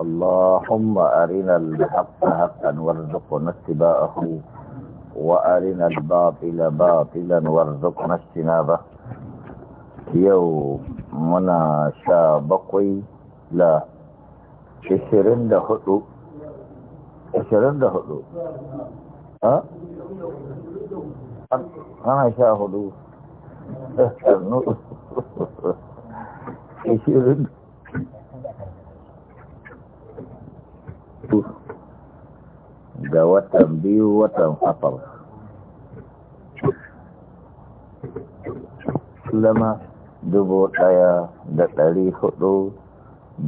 اللهم أرنا الحق حقا وارزقنا اتباعه وأرنا الباطل باطلا وارزقنا اجتنابه يوم منا شابقي لا عشرين دهدو عشرين دهدو ها أنا شاهدو عشرين hudu ga watan biyu watan safar lama dubu daya da dari hudu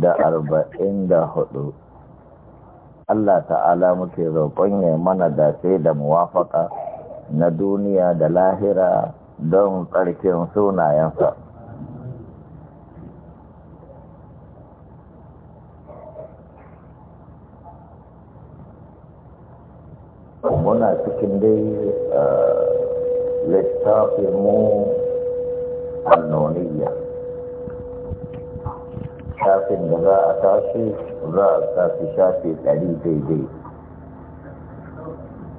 da arba'in da hudu Allah ta'ala muke roƙon ya mana dace da muwafaka na duniya da lahira don ƙarfin sunayensa muna cikin dai eh, littafin mu annoniya shafin da za a tashi za a tashi shafi ɗari daidai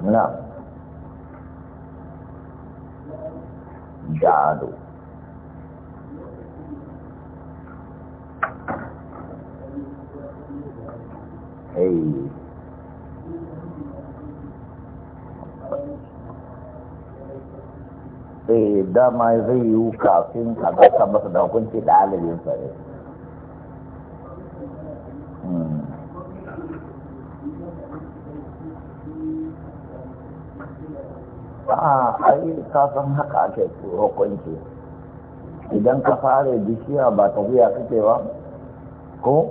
na jado Hey. eh dama zai yi kafin a gasa masa da hukunci da sa ne hmm. a ah, yi kasan haka ake hukunci idan ka fara bishiya ba biya kake ba ko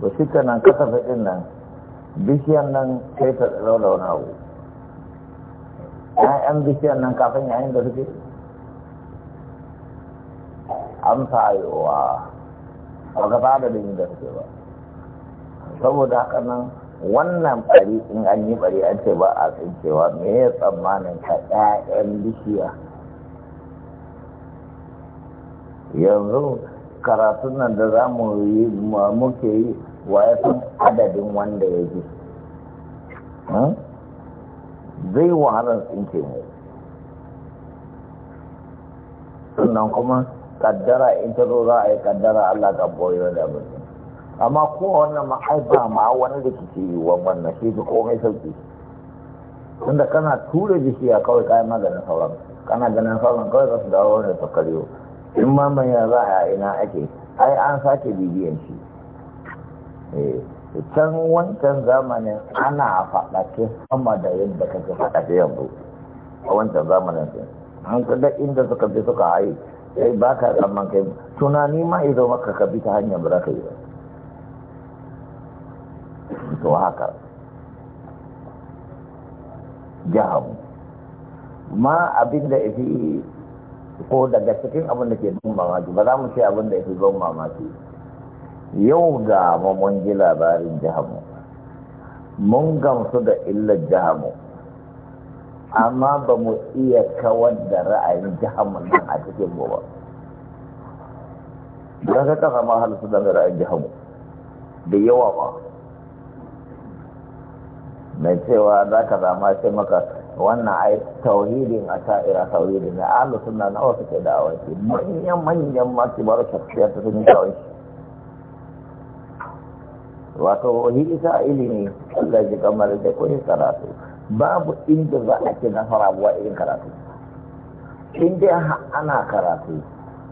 ba shi nan kasa faɗin nan bishiyan nan sai ta tsaro da wani abu ‘ya'yan bishiyar nan kafin yayin da suke an sayowa a gaba da bin da suke ba saboda haka nan wannan bari in an yi bari an ce ba a cewa me ya tsammanin ka ‘ya'yan bishiya yanzu karatun nan da za mu yi muke yi wa ya san adadin wanda ya ji hmm? zai wahalar tsinke mu sannan kuma kaddara in ta zo za a yi kaddara Allah ka boye da mutum amma ko wannan ma ai ba ma wani da ke yiwuwa wannan shi ka komai sauki tunda kana tura jiki a kawai kayan maganin sauran kana ganin sauran kawai za su dawo wani ta karyo in ma manyan za a ina ake ai an sake bibiyan shi eh. can wancan zamanin ana faɗaƙe sama da yadda kake faɗaƙe yanzu a wancan zamanin sun an kada inda suka bi suka haye sai ba ka tsamman kai tunani ma izo maka ka bi ta hanyar ba za ka yi ba to haka jahamu ma abin da ifi ko daga cikin abin da ke ban mamaki ba za mu ce abin da fi ban mamaki yau ga mu mun ji labarin jihamu mun gamsu da illar jihamu amma ba mu iya kawar da ra'ayin jihamun nan a cikin mu ba don ka kafa ma halittu don ra'ayin jihamu da yawa ba mai cewa za ka zama sai maka wannan ai tauhidin a sha'ira tauhidin na ahlus na nawa suke da awaki manyan manyan masu bar tafiyar ta sun yi wato a ilimi Allah ji kamar da kun karatu babu inda za a ci nasara buwa irin karatu in dai ana karatu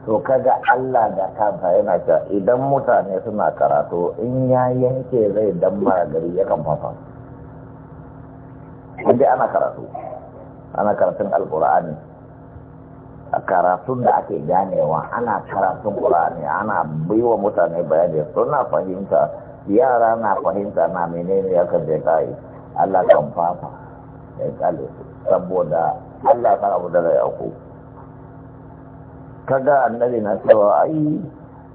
to kaga Allah da kanta yana cewa idan mutane suna karatu in ya yanke zai dan mara gari ya kan fasa in dai ana karatu ana karatun alkur'ani a karatun da ake ganewa ana karatun ƙur'ani. ana baiwa mutane bayani suna fahimta yara na fahimta na menene ya kan zai kai Allah kan fafa ya saboda Allah kan abu da ya ku kaga annabi na cewa ai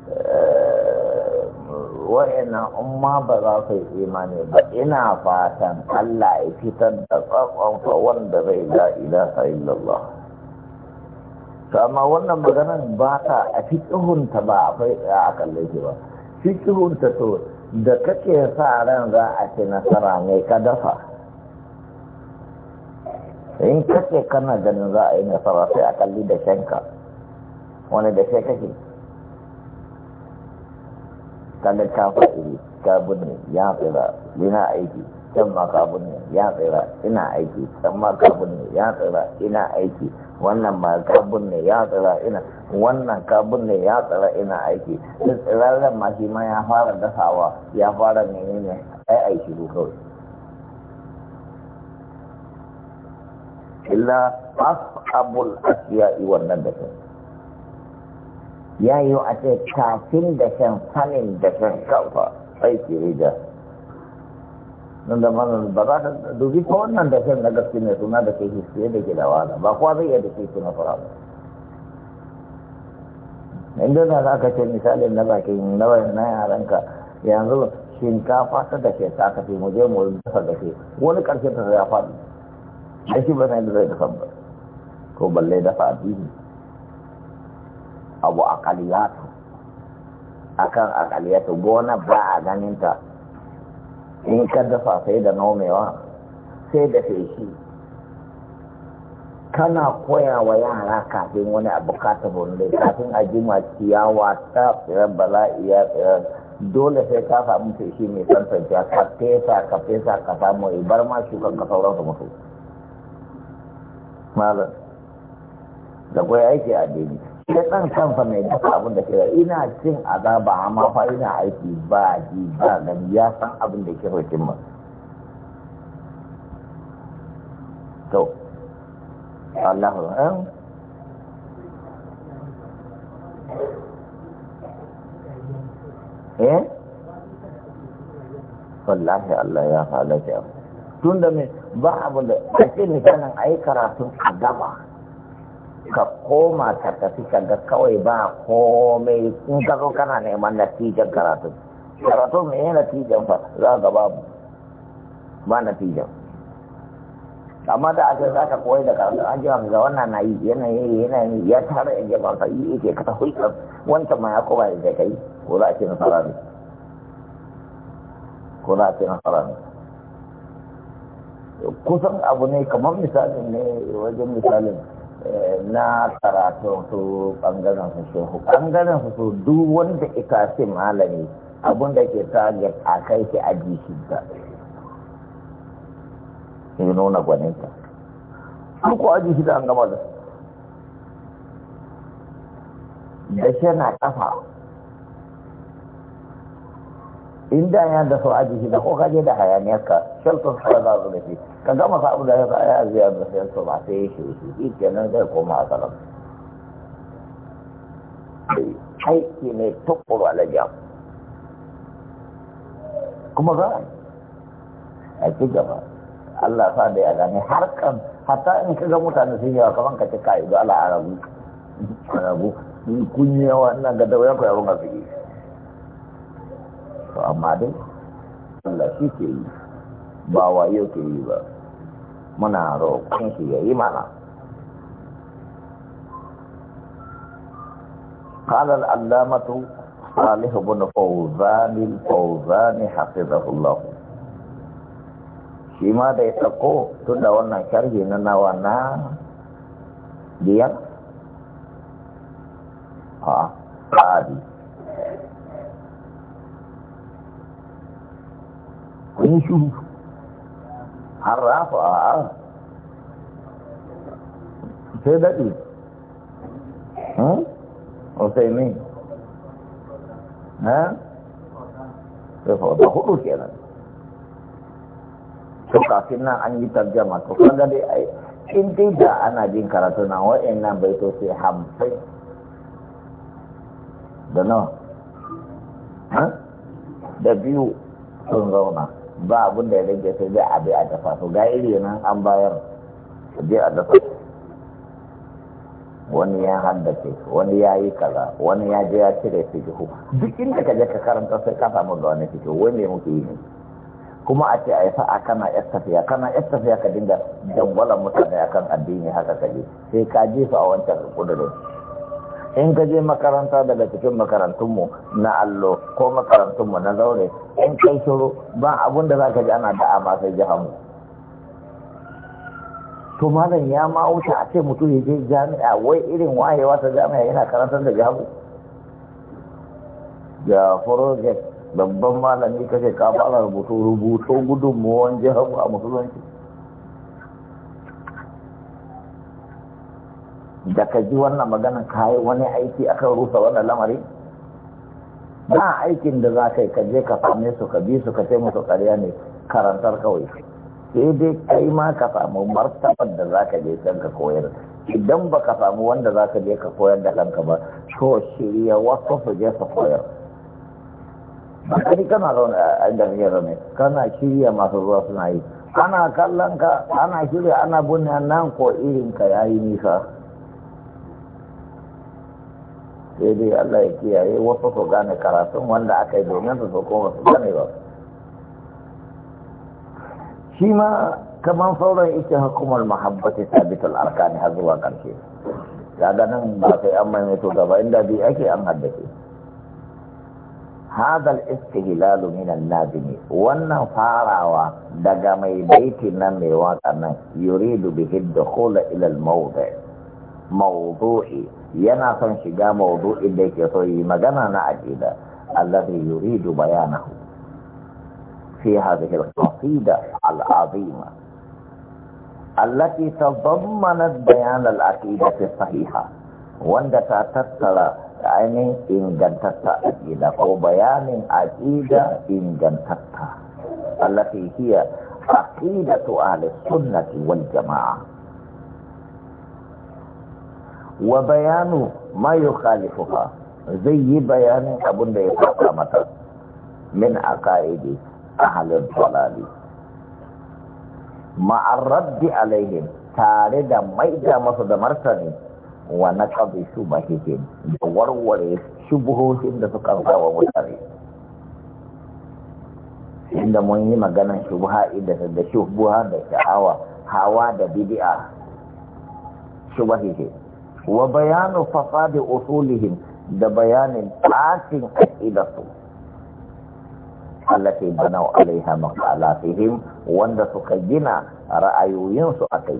eh, wa'ina umma ba za su yi imani ba ina fatan Allah ya fitar da tsakonsa wanda zai ga ila illallah to amma wannan maganar ba ta a fikihunta ba a kalle shi ba fikihunta to da kake sa ran za a ce nasara ne ka dafa in kake kana ganin za a yi nasara sai a kalli da shanka wani da shai kake kaga ka fa'ili ka bunne ya tsira ina aiki can ma ka bunne ya tsira ina aiki can ma ka bunne ya tsira ina aiki wannan ba kabun ne ya tsara ina wannan kabun ne ya tsara ina aiki tsirarren ma shi ma ya fara dasawa ya fara menene ai ai shiru kawai illa asabul asiya wannan da kai ya yi a ce kafin da shan sanin da shan kafa aiki rida nan da mana ba za ka dubi ko wannan da kan na gaske mai suna da ke hissiye da ke da ba kuwa zai iya da ke suna fara ba inda za ka ce misalin na bakin na bayan na yaranka yanzu shinkafa ta da ke ta kafe mu je mu dafa da ke wani karshe ta ya faɗi a shi ba na yadda zai dafa ba ko balle dafa addini abu akaliyatu akan akaliyatu gona ba a ganinta in ka dafa sai da nomewa sai da feshi kana koya wa yara kafin wani abu ka tafi kafin a jima ciyawa ta tsirar bala'i tsirar dole sai ka samu feshi mai tantance ka fesa ka fesa ka samu ibar ma shukan ka sauran su mutu malam da kwai aiki a daidai sai ɗan kansa mai dafa abin da ke ina cin azaba amma fa ina aiki ba ji ba gani ya san abin da ke rokin mu to Allahu an eh wallahi Allah ya halaka tunda me ba abin da ake ne kana ai karatu azaba ka koma ta tafi ka ga kawai ba komai in ka zo kana neman natijan karatu karatu mai yi natijan fa za ga babu ba natijan amma da ake za ka koyi da karatu an ji ga wannan na yi yanayi yanayi ya tara ya je ba yi yake ka hulɗar wancan ma ya koma da kai ko za a ce nasara ne ko za a ce nasara ne kusan abu ne kamar misalin ne wajen misalin na karatu su ɓangaren su ɓangaren su su duk wanda ita ce malami abun da ke target a kai shi a jishinta sai nuna gwaninta an ko aji shida an gama da da shi na kafa inda ya da so aji shi da ko kaje da hayaniyar ka shelter sai da zuwa da shi ka masa sa abu da ya ya ziyar da so ba sai ya shi shi kenan zai koma a salam ki ne ala ya kuma za a ci ba Allah sa da ya gane kan hatta in ka ga mutane sun yawa kaman ka ci da ala arabu arabu kun yi yawa ina ga ko ya koya to amma dai Allah shi ke yi ba yau ke yi ba muna roƙon shi ya yi mana قال العلامة صالح بن فوزان الفوزان حفظه الله shi ma dai ya tun da wannan sharhi na nawa na biyar a ƙari yi shuru har rafa a sai daɗi usaimin ha? sai fauta hudu kenan to kafin nan an yi tarjama to kaga dai ai in dai da ana jin karatu na bai to sai hamsin da nawa da biyu sun zauna ba abin da ya rage sai zai abu a dafa to ga iri nan an bayar su je a dafa wani ya haddace wani ya yi kaza wani ya je ya cire fikihu duk inda ka je ka karanta sai ka samu da wani fikihu wani ne muke yi ne kuma a ce a yi sa'a kana yar tafiya kana yar tafiya ka dinga dangwalan mutane akan addini haka ka je sai ka jefa a wancan kudurin in ka je makaranta daga cikin makarantunmu na allo ko makarantunmu na zaure in kai shuru ba abin da za ka ji ana da'a ma sai jihanmu to malam ya ma wuce a ce mutum ya je jami'a wai irin wayewa ta jami'a yana karantar da jihanmu ga babban malami kake ka fara rubutu rubutu gudunmuwan jihanmu a musulunci da ka ji wannan maganar yi wani aiki akan rusa wannan lamari ba aikin da za ka yi kaje ka same su ka bi su ka ce musu karya ne karantar kawai sai dai kai ma ka samu martabar da za ka je can ka koyar idan ba ka samu wanda za ka je ka koyar da kanka ba to shirya wasu su je su koyar ba kai kana zaune a inda kake kana shirya masu zuwa suna yi ana kallon ka ana shirya ana bunne nan ko irin ka yayi nisa sai dai Allah ya kiyaye wasu su gane karatun wanda aka yi domin su kuma su gane ba shi ma kamar sauran ita hukumar mahabbati sabitul arkani har zuwa karshe ya ganin ba sai an maimaito gaba inda bi ake an haddace hadal istihlalu min na nazimi wannan farawa daga mai baiti nan mai waka nan yuridu bihi dukhula ila al mawdu'i yana son shiga mawudu'in da yake so yi magana na aqida allazi yuridu bayanahu fi hadhihi al-qasida al-azima allati tadammanat bayan al-aqida as-sahiha wanda ta tattara ainin ingantatta aqida ko bayanin aqida ingantatta allati hiya aqidatu ahli sunnati wal jama'ah wa bayanu ma khalifuka zai yi bayanin abin da ya fata mata min aqaidi a dalali ma'ar rabbi alaihin tare da maida masu da martani wa su shubahihim da warware shubuhohin da suka kawo mutane inda mun yi maganan shubha da shubuha da sha'awa hawa da bidi'a shubahihim wa bayanu fasadi usulihim da bayanin ɗakin aƙidarsu allati banau alaiha maqalatihim wanda suka gina ra'ayoyinsu a kai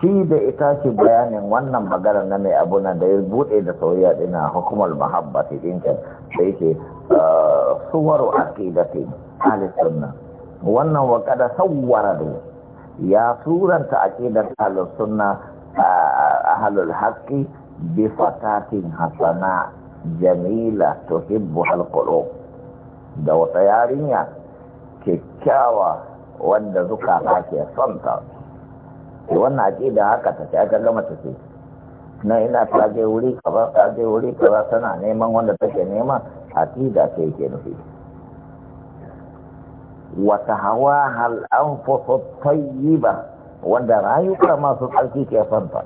shi da ita ce bayanin wannan magana na mai abu da ya buɗe da soyayya dina hukumar mahabbati dinka da yake uh, suwaru aqidati ahli sunna wannan wa kada sawwara da ya suranta aƙidar ahlus sunna ahlul haqqi bi fatatin hasana jamila tuhibbu halqulu da wata yarinya kyakkyawa wanda zukata ke son ta ke wannan aƙida haka ta ta gama ta ce na ina ta je wuri kaba ta je wuri ba tana neman wanda take nema aƙida ta yake nufi wata hawa hal an ba wanda rayuka masu tsarki ke santa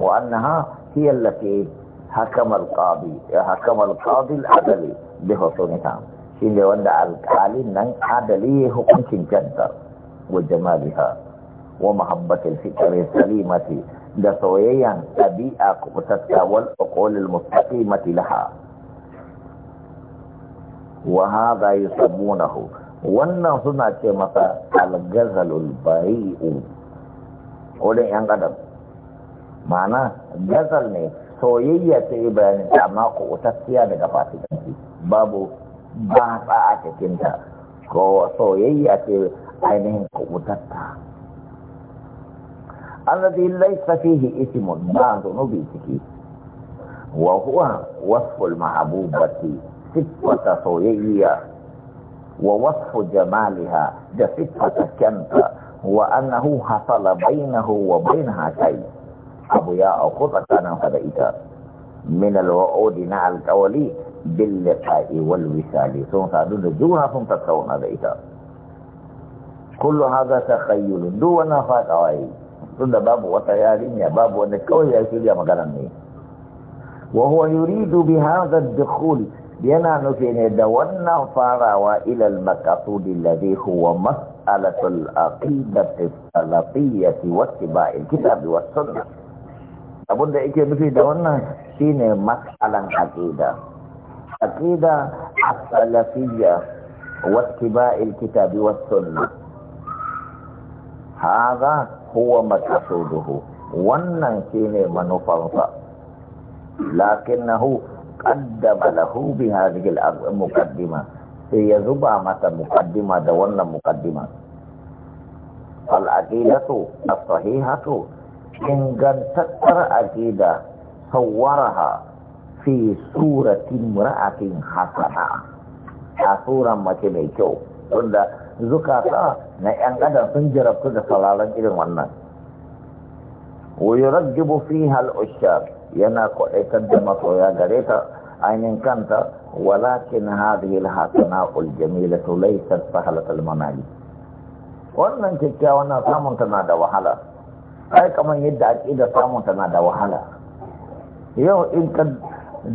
wa annaha hiya allati hakama al-qadi eh, hakama al-qadi al shine wanda alƙalin nan adali ya hukuncin jantar wa jamaliha wa mahabbatil fikri salimati da soyayyan ɗabi'a kubutatta wal uqulil mustaqimati laha wa hadha yusammunahu wannan suna ce masa al-ghazalul bari'u wurin yan adam Mana gazal ne soyayya ta yi bayanin ta amma ko utasiya daga fasikanci babu ba a cikin ta, ko soyayya ce ainihin kubutatta alladhi laysa fihi ismun ba zunubi ciki wa huwa wasful mahbubati صفة طويية ووصف جمالها ده صفة كمتة وأنه حصل بينه وبينها شيء أبو يا أخوة كان هذا إيجاب من الوعود نع الكولي باللقاء والوسال ثم تعدد دونها ثم تتكون هذا إيجاب كل هذا تخيل دون فات أي ثم باب وطيارين يا باب ونكوه يا سيدي يا مقرمي وهو يريد بهذا الدخول yana nufi ne da wannan farawa ilal makasudi alladhi huwa mas'alatul aqidati salafiyyati wattiba'il kitabi was sunnah abinda yake nufi da wannan shine mas'alan aqida aqida as-salafiyya wattiba'il kitabi was sunnah hadha huwa makasuduhu wannan shine manufarsa lakinnahu qaddama lahu bi hadhihi al-muqaddima sai ya zuba mata muqaddima da wannan muqaddima al aqidatu as-sahihatu ingantattar aqida sawwaraha fi surati imra'atin hasana a suran mace mai kyau wanda zukata na yan adam sun jarabtu da salalan irin wannan wa fiha al-ushab yana kwaɗaitar da masoya gare ta ainihin kanta walakin hadhihi Jamila hasanaul jamilatu laysat sahlatul manali wannan kyakkyawan na samun tana da wahala ai kamar yadda da samun tana da wahala yau in ka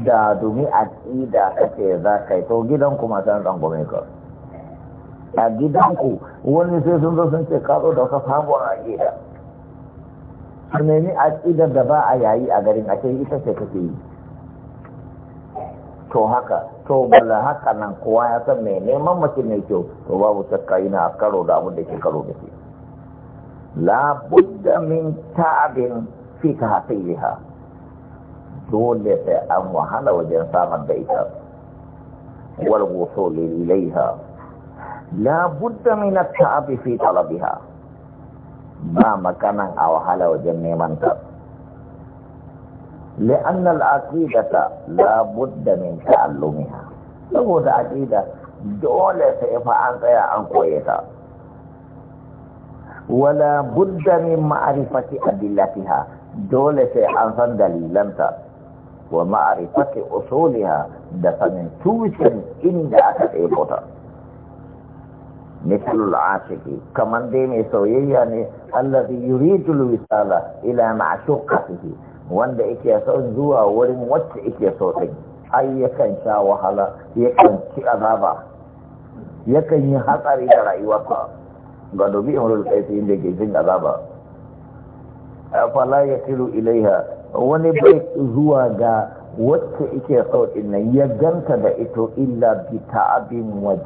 da a aƙida kake za ka yi to gidanku masu yan tsangwame ka a gidanku wani sai sun zo sun ce ka zo da wata a aƙida a nemi aƙidar da ba a yayi a garin ake yi ita ce kake yi to haka to bala haka nan kowa ya san mai neman mace mai kyau to babu shakka yana karo da abin da ke karo da ke. la budda min ta'abin fi ha. dole sai an wahala wajen samun da ita wal wusul ilaiha la budda min ta'abi fi talabiha ba makanan a wahala wajen neman ta لأن العقيدة لا بد min تعلمها saboda aƙida dole sai fa an tsaya an koye ta wala budda min ma'rifati adillatiha dole sai an san dalilanta wa ma'rifati usuliha da sanin tushen inda aka ɗebo ta مثل العاشق كمان دي ميسوي يعني الذي يريد الوصال الى معشوقته wanda yake son zuwa wurin wacce yake so din ai yakan sha wahala yakan ci azaba yakan yi hatsari da rayuwarsa ga dobi imrul kaisi inda yake jin azaba fala yasilu ilaiha wani bai zuwa ga wacce yake so din ya ganta da ito illa bita abin wa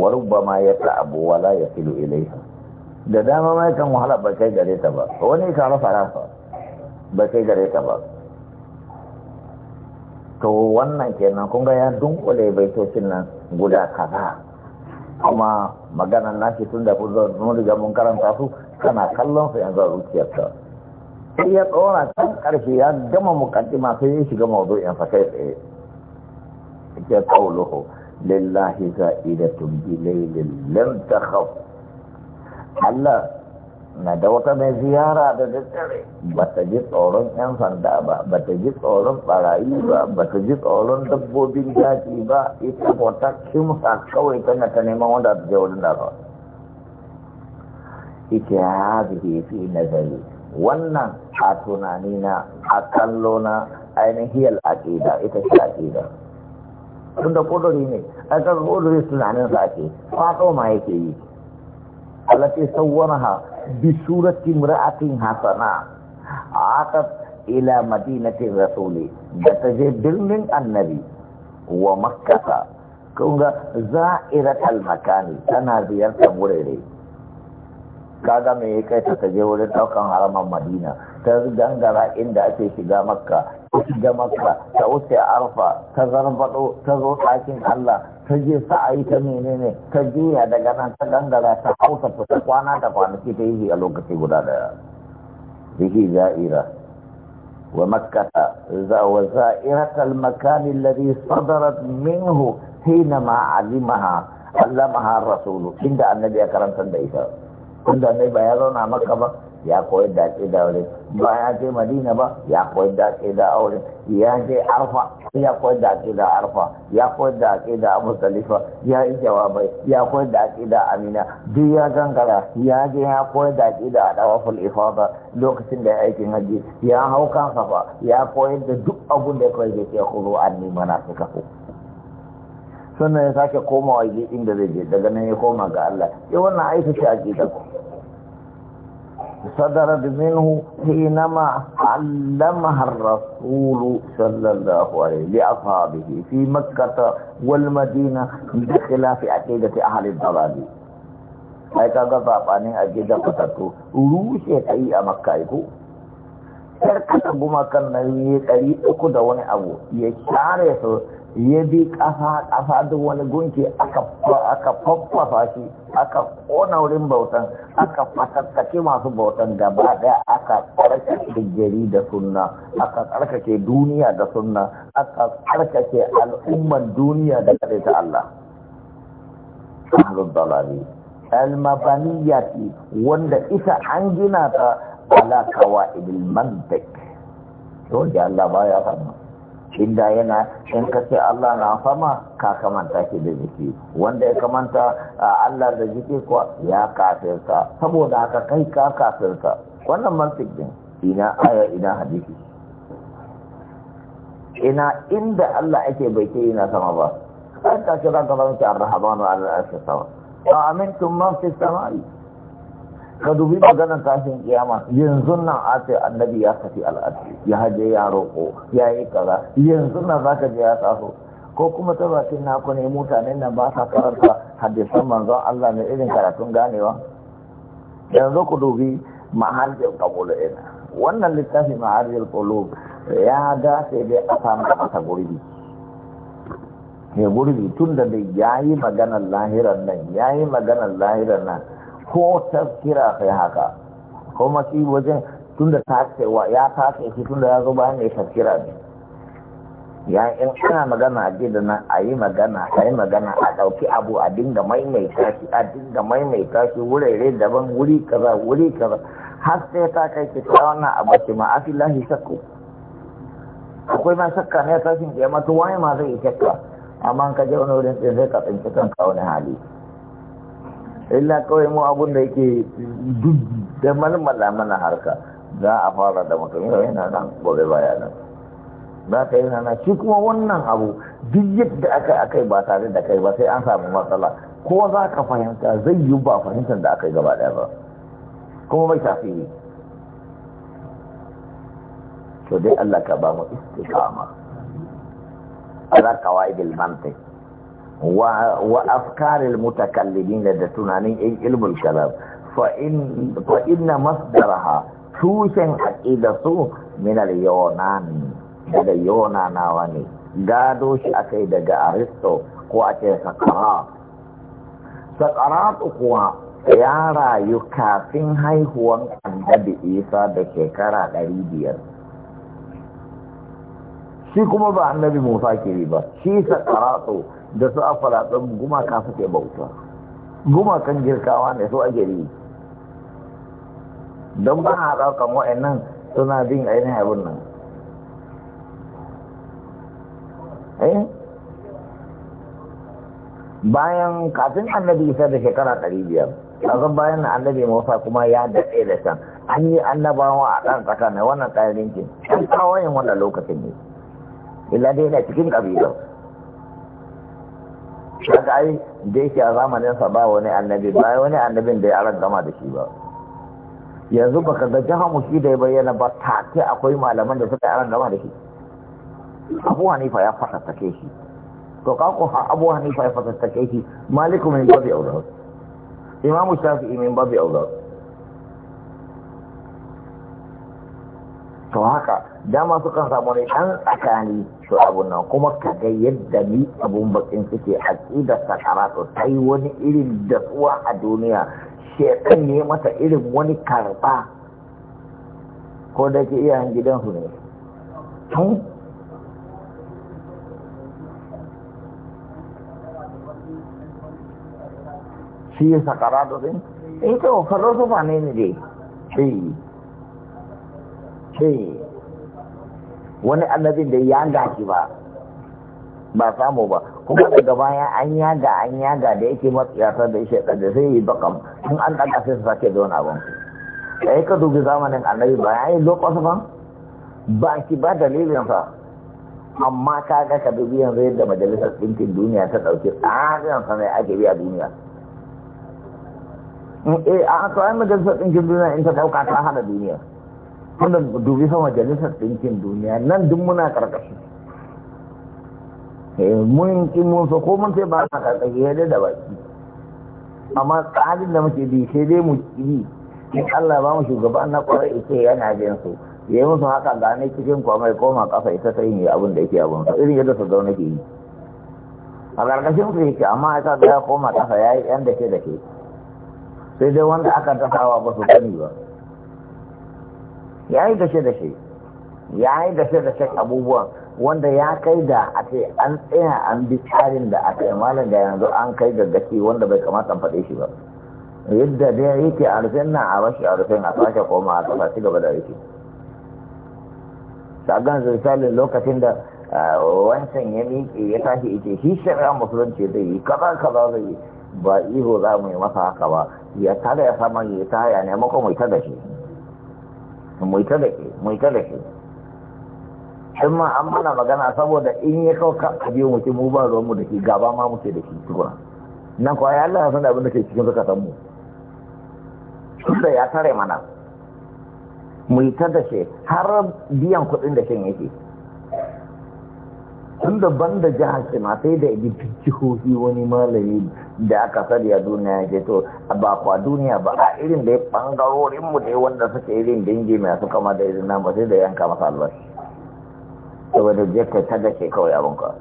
wa ya yata'abu wala ya filo ilaiha. da dama mai kan wahala ba kai gare ta ba wani ka rafa rafa ba kai gare ta ba to wannan kenan kun ga ya dunkule baitocin nan guda kaza kuma maganan nashi tun da mun riga mun karanta su kana kallon su yanzu a zuciyarka sai ya tsora kan karshe ya gama mukaddima sai ya shiga mawdu'in fa kai tsaye ke lokaci لله زائدة بليل لم تخف الله ندوت من زيارة بتجد أولن ينفن دابا بتجد أولن فرائيبا بتجد أولن دبو بنجاجيبا إتبو تكيم ساكو إتنا تنمو دات جولن دارو إتعاده في نزل ونن أتنانينا أتنلونا أين هي الأكيدة إتشاكيدة abinda kodori ne a kan kuduri tunanin sa ake kwato ma yake yi sauwana ha bi surati Hassana, hasana aka ila madinatin rasuli da ta je birnin annabi wa makasa kunga za'irat makani tana ziyarta wurare kaga mai ya kai ta je wurin daukan haraman madina ta gangara inda ake shiga makka ta shiga makka ta wuce arfa ta zarbado ta zo ɗakin allah ta je sa'ayi ta menene ta jiya daga nan ta gangara ta hausa ta kwana da kwanaki ta yi a lokaci guda daya bihi za'ira wa Makka ta, za wa kal makani alladhi sadarat minhu hina ma alimaha har rasulu inda annabi ya karanta da ita tunda ne ba ya zauna maka ba ya koyi da ake da aure ba ya je madina ba ya koyi da ake da aure ya je arfa ya koyi da ake da arfa ya koyi da ake da abu salifa ya yi jawabai ya koyi da ake da amina duk ya gangara ya je ya koyi da ake da dawaful ifada lokacin da ya aikin haji ya hau kansa ya koyar da duk abun da ya koyar da ke kuro an a suka ko sannan ya sake komawa waje inda zai je daga nan ya koma ga Allah ya wannan aiki ce gida ko sadara minhu hinama allamaha ar rasulu sallallahu alaihi li ashabihi fi makkah wal madina bi khilafi aqidati ahli dalal ai kaga sabanin aqida fatatu rushe kai a makkah ko karkata gumakan nan ne 300 da wani abu ya share su ya bi ƙasa ƙafa duk wani gunki aka faffafa shi aka ƙona wurin bautan aka fatattake masu bautan gaba ɗaya aka tsarkake digiri da sunna aka tsarkake duniya da sunna aka tsarkake al'umman duniya da kaɗai ta Allah ahlul dalali al ce, wanda ita an gina ta ala mantek. Yau to Allah baya saba. inda yana in ka ce Allah na sama ka kamanta shi da jiki wanda ya kamanta Allah da jiki ko ya kafirta saboda haka kai ka kafirta wannan mantik din ina aya ina hadisi ina inda Allah ake bai ce yana sama ba sai ka kira ka zama ki ar-rahmanu al-arshi sama amintum man fi samai ka dubi maganar kafin kiyama yanzu nan a ce annabi ya tafi al'adu ya haje ya roƙo ya yi kaza yanzu nan za ka je ya taso ko kuma ta bakin naku ne mutanen nan ba sa faranta hadisan manzon Allah ne irin karatun ganewa yanzu ku dubi maharjin kabulu ina wannan littafi maharjin kabulu ya dace dai a samu masa gurbi ya gurbi tun da dai ya yi maganar lahirar nan ya yi maganar lahirar nan ko taskira sai haka kuma yi wajen tunda ta cewa ya tace shi tunda ya zo bayan ya taskira ne ya in ana magana a jida na a yi magana a yi magana a ɗauki abu a dinga maimaita shi a dinga maimaita shi wurare daban wuri kaza wuri kaza har sai ta kai ki ta wannan abu ce ma afi lahi shakku akwai ma shakka ne tashin kiyama to wani ma zai shakka amma ka je wani wurin sai ka tsinci kanka wani hali illa kawai mu abun da yake da malmala mana harka za a fara da mutum yau yana nan gobe baya nan za ka yana nan shi kuma wannan abu duk yadda aka akai ba tare da kai ba sai an samu matsala ko za ka fahimta zai yi ba fahimtar da aka yi gaba daya ba kuma bai tafi to dai Allah ka ba mu istiqama ala qawaidil mantiq wa afkaril mutakallimin da tunanin in ilmul kalam fa in fa inna masdaraha tushen su. min al yunan daga ne gado shi akai daga aristo ko ake sakara kuwa ya rayu kafin haihuwan annabi isa da shekara ɗari biyar shi kuma ba annabi musa kiri ba shi sakaratu da su a falatsun gumaka suke bauta gumakan girkawa ne su a gari don ba a ɗaukan wa'annan suna bin ainihin abin nan eh? bayan kafin annabi isa da shekara ɗari biyar ƙasar bayan annabi musa kuma ya daɗe da can an yi annabawa a ɗan tsakanin wannan ɗayan rinkin ɗan kawayen wannan lokacin ne illa dai na cikin ƙabilar kaga ai da yake a zamanin sa ba wani annabi ba wani annabin da ya ara gama da shi ba yanzu baka ga jaha shi da ya bayyana ba ta ce akwai malaman da suka ara gama da shi abu hanifa ya fatattake shi to ka ko abu hanifa ya fatattake shi maliku min babi aula imamu shafi imin babi aula to haka dama sukan samu ne ɗan tsakani su abu nan kuma ka ga yadda ni abun bakin suke aƙidar sakaratu ta yi wani irin tsuwa a duniya shekan ne mata irin wani karɓa ko da ke iyayen gidansu ne hmm? shi ya sakaratu ɗin ita eh wa farosofa ne ne dai ce eh. ce eh. wani annabin da ya shi ba ba samu ba kuma daga baya an yaga an yaga da yake matsiyasar da ishe da sai yi bakam tun an ɗan ƙasa su sake da wani abin da ya ka dubi zamanin annabi ba ya yi lokacin ba ba ki ba dalilin sa amma ka ga ka dubi yanzu yadda majalisar ɗinkin duniya ta ɗauki tsarin sa mai ake bi a duniya eh a haka majalisar ɗinkin duniya in ta ɗauka ta hana duniya wanda dubi sama majalisar ɗinkin duniya nan duk muna ƙarƙashi eh, mun ki mun so ko mun sai ba a ƙarƙashi ya da baki amma tsarin da muke bi sai dai mu yi in Allah ba mu shugaban na ƙwarar ita yana jin su yi musu haka ga ne cikin kwamai koma ƙafa ita sai ne abin da yake abin su irin yadda su zaune ke yi a ƙarƙashin su yake amma aka ga ya koma ya yi yan da ke da ke sai dai wanda aka dafawa ba su gani ba ya yi dashe dashe ya yi dashe dashe abubuwan wanda ya kai da a ce an tsaya an bi tsarin da a yi malam da yanzu an kai da gaske wanda bai kamata faɗe shi ba yadda da yake a rufin nan a bashi a rufin a sashe koma a kasa ci gaba da yake sagan zai lokacin da eh, wancan ya miƙe ya tashi ike shi shari'a musulunci zai yi kaza kaza zai yi ba iho za mu yi masa haka ba ya tara ya samu ya ta ya ne mako mai ta da shi Muita da ke mu da ke ma an mana magana saboda in ya kawo ka aje mu mu ba ruwan da ke gaba ma muke da ke tukuna nan kuwa ya Allah da abin da ke cikin zukatan mu da ya tare mana Muita da shi har biyan kuɗin da shi yake tun da ban da jihar ma sai da ibi jihohi wani malami da aka sani a duniya ya to ba kwa duniya ba a irin da ya bangarorin mu da wanda suke irin dangi mai su kama da irin nan ba sai da yanka masa albashi saboda jeka ta da ke kawai abinka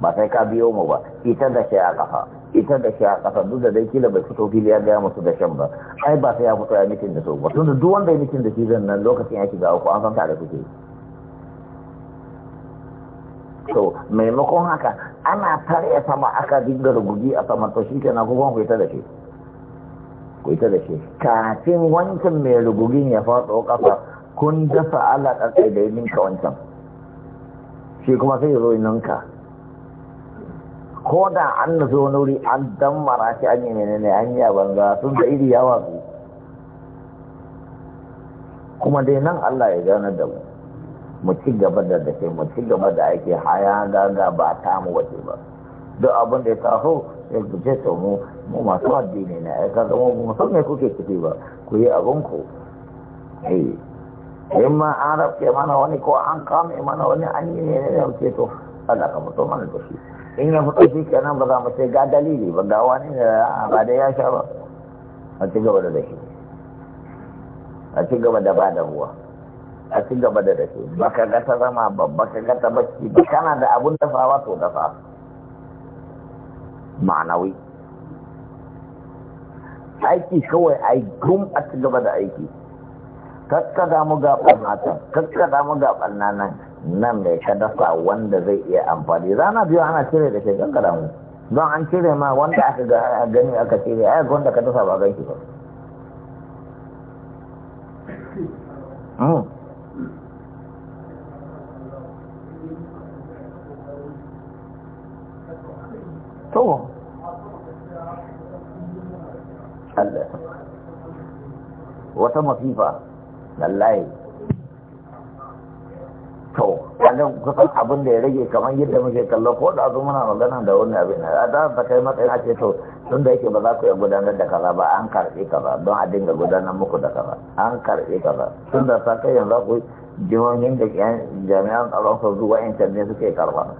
ba sai ka biyo mu ba ita da ke a kafa ita da ke a kafa duk da dai kila bai fito fili ya gaya musu da shan ba ai ba sai ya fito ya mikin da su ba tun da duk wanda ya mikin da shi zan nan lokacin ya shiga uku an san tare kuke to maimakon haka ana tare sama aka dinga rugugi a sama to shi kenan kuma ku ita da shi ku ita da shi kafin wancan mai rugugin ya faɗo ƙasa kun dasa alaƙa kai da ka wancan shi kuma sai zo ninka ko da an na zo wuri an mara shi an yi menene an yi banza sun da iri yawa su kuma dai nan Allah ya gane da mu mu ci gaba da dake mu ci gaba da aiki haya ga ba ta mu waje ba duk abin da ya taho ya guje ta mu mu masu addini na ya kaga mu mu san me kuke ciki ba ku yi abin ku eh in ma an rafke mana wani ko an kame mana wani an yi ne ne da ce to Allah ka mutu mana da shi in ya mutu shi kenan ba za mu ce ga dalili ba ga wani ne ba da ya sha ba a ci gaba da dashi a ci gaba da ba da ruwa a ci gaba da dafe baka ga ta zama babba ka ga ta bacci ba kana da abun dafawa to dafa ma'anawi aiki kawai a gum a ci gaba da aiki kakka damu ga ɓarnatan kakka damu ga ɓarnanan nan mai ka dafa wanda zai iya amfani rana biyu ana cire da shi kakka damu don an cire ma wanda aka gani aka cire ai wanda ka dafa ba gan ba hmm. to wata masifa lallaye to kaga kusan abin da ya rage kamar yadda muke kallo ko da zo muna magana da wani abin a da ta kai matsayin a ce to tun da yake ba za ku iya gudanar da kaza ba an karɓe kaza don a dinga gudanar muku da kaza an karɓe kaza tun da sa kai yanzu ku jihohin da jami'an tsaron su zuwa intanet suke karɓa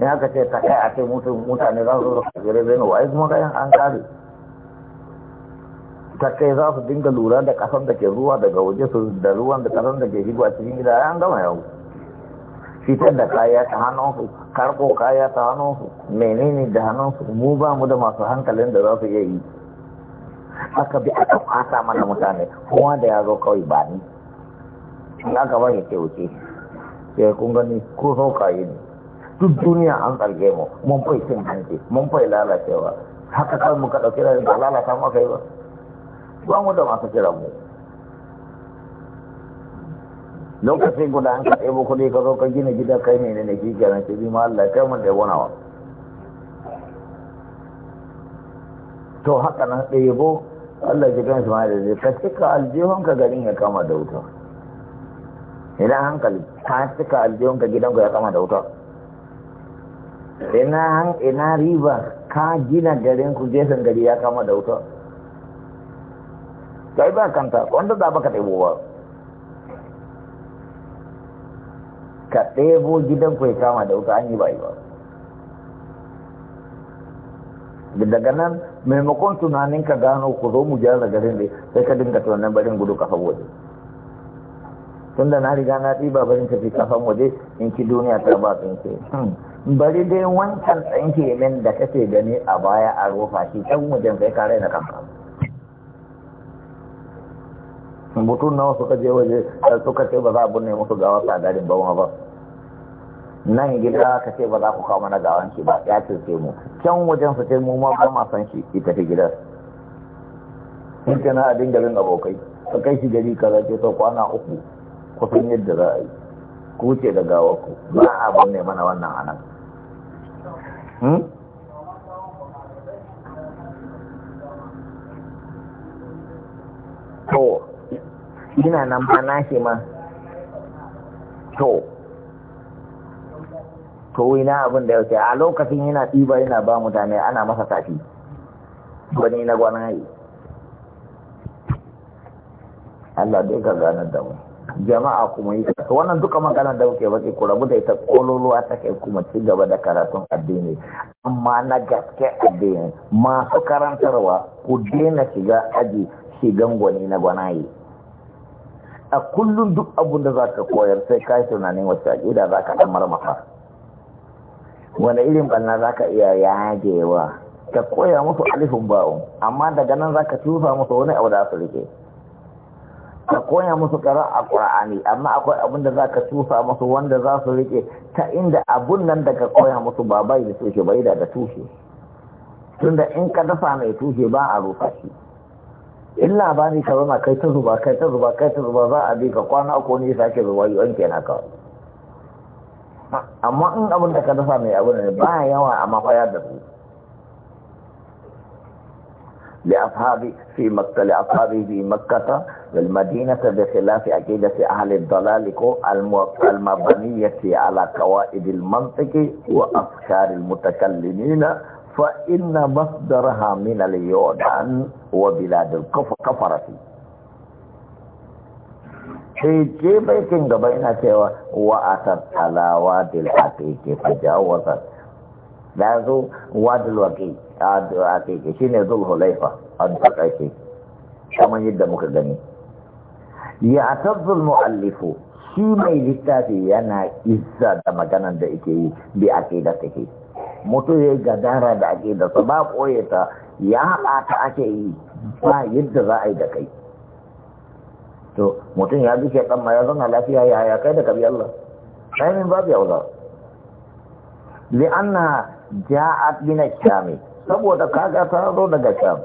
ne aka ce ta kai a ce mutane za su rufe gare zai wa kuma kayan an kare ta kai za su dinga lura da kasar da ke ruwa daga waje su da ruwan da kasar da ke shigo a cikin gida an gama yau fitar da kaya ta hannunsu karko kaya ta hannunsu menene da hannunsu mu ba mu da masu hankalin da za su iya yi aka bi aka fasa mana mutane kuma da ya zo kawai ba ni in aka ba ya ce wuce sai kun gani ko sauka yi ne duk duniya an zarge mu mun fai cin hanci mun fai lalacewa haka kan mu ka dauke da lalata mu kai yi ba ba mu da masu kira mu lokacin guda an ka mu kuɗi ka zo ka gina gida kai ne ne ki kenan ki bi ma Allah kai mun da wa? to haka nan ɗebo Allah ji kan ma da zai ka cika aljihun ka garin ya kama da wuta idan hankali ka cika aljihun ka gidan ya kama da wuta ina ina riba ka gina garin ku gefen gari ya kama da wuta kai ba kanta wanda da baka ɗebo ba ka bo gidan ku ya kama da wuta an yi bai yi ba daga nan maimakon tunanin ka gano ku zo mu gyara garin ne sai ka dinga tunanin barin gudu kafa waje tunda na riga na ɗiba barin tafi kafan waje in ki duniya ta ba tsinke hmm. bari dai wancan tsanke min da kake gani a baya a rufa shi can wajen kai kare na kanka mutum nawa suka je waje suka ce ba za a bunne musu gawa a garin ba ba nan gida ka ce ba za ku kawo mana gawan shi ba ya ce mu can wajen su ce mu ma ba ma san shi ita ta gidan sun na a dingalin abokai ka kai shi gari kaza ce sau kwana uku kusan yadda za a yi ku ce da gawaku ba a ne mana wannan nan. Hmm? to ina nan ba na shi ma to to wina abin da yauce a lokacin yana ɗiba yana ba mutane ana masa tafi wani na gwanaye Allah dai ka ganar da mu jama'a kuma yi ta wannan duka magana da muke baki ku rabu da ita kololuwa ta kai kuma ci gaba da karatun addini amma na gaske addini masu karantarwa ku daina shiga aji shigan gwani na gwanaye a kullum duk abun da za ka koyar sai ka yi tunanin wacce aƙida za ka ɗan marmafa wani irin ɓanna za ka iya yagewa ka koya musu alifin ba'un amma daga nan za ka tufa musu wani abu da su rike ka koya musu kara a ƙura'ani amma akwai abin da za ka tusa musu wanda za su rike ta inda abun nan da ka koya musu ba bai da tushe bai da tushe tunda in ka dafa mai tushe ba a rufa shi in labari ka zama kai ta zuba kai ta zuba kai ta zuba za a bi ka kwana ko ne sake zuba yi wanke na kawai amma in abin da ka dafa mai abin ne ba yawa amma fayar da su لأصحابه في مكة لأصحابه في مكة والمدينة بخلاف عقيدة أهل الضلال المبنية على قواعد المنطق وأفكار المتكلمين فإن مصدرها من اليونان وبلاد الكفرة في جيبك بين سوى وأتت على وادي الحقيقي فجاوزت da zo wadul waqi a shi ne zuwa hulaifa a takaice kamar yadda muka gani ya a tazzul muallifu shi mai littafi yana isa da maganan da ake yi bi ake da take mutu ya gadara da ake da su ba koyata ya haɗa ake yi ba yadda za a yi da kai to mutum ya bi shaitan ma ya zana lafiya ya ya kai da kabi Allah sai min babu yauza li'anna ja'at min ash-sham saboda kaga ta zo daga sham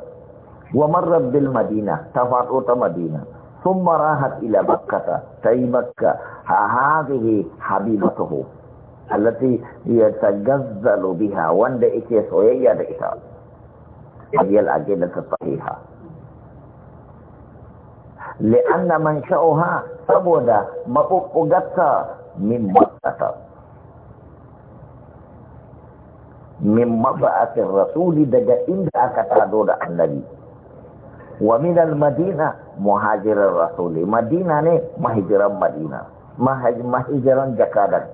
wa marrat bil madina ta fado ta madina thumma rahat ila makkah tai makka ha hadhihi habibatuhu allati yatagazzalu biha wanda yake soyayya da ita hiyal aqidatu sahiha li'anna man sha'uha saboda mabubbugatta min makkah min mab'atir rasuli daga inda aka tado da annabi wa min al-madina muhajirar rasuli madina ne mahijiran madina Mahajiran jakadan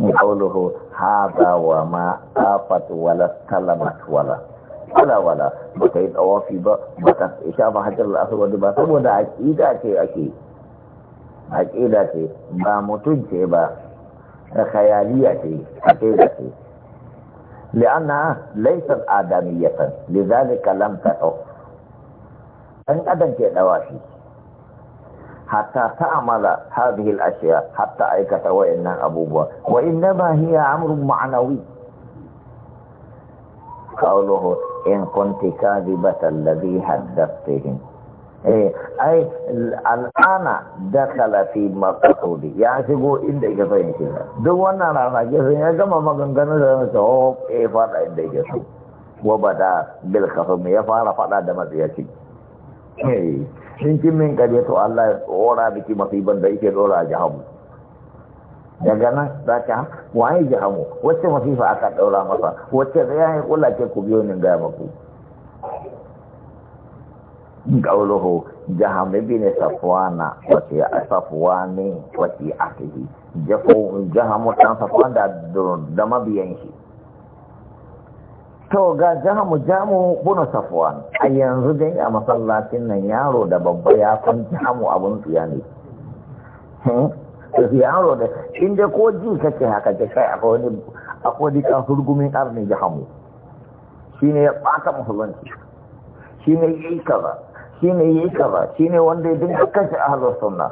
قوله هذا وما آفت ولا استلمت ولا wala wala ba ta yi tsawafi ba ba ta shafa hajjar al'asar ba saboda aƙida ce ake aƙida ce ba mutum ba خيالية حقيقة لأنها ليست آدمية لذلك لم تحق أن أدن كدواشي حتى تعمل هذه الأشياء حتى أيكت وإن أبوبها وإنما هي أمر معنوي قوله إن كنت كاذبة الذي حدثتهم Eh, ai al'ana dakala fi maqsudi ya shigo inda yake so yake duk wannan rafage sun ya gama maganganun da zama to oh, eh fada inda yake so wa bada bil khasum ya fara fada da maziyaci eh shin kin min kare to Allah ya tsora biki masiban da yake dora a jahannu daga nan za ka waye jahannu wacce masifa aka daura masa wacce ya yi kula ke ku biyo ni ga maku قوله جهم safwani صفوان وفي صفوان وفي أخيه جهم كان da دم بينشي to ga jahamu jamu buna safwan a yanzu dai a masallacin nan yaro da babba ya san jahamu abun tsiya ne yaro da in ko ji kake haka da kai a wani akwai dika hurgumin arni jahamu shine ya ɓata musulunci shine yayi kaza shi ne yi kaza shi ne wanda ya dinga kashe ahalar sunna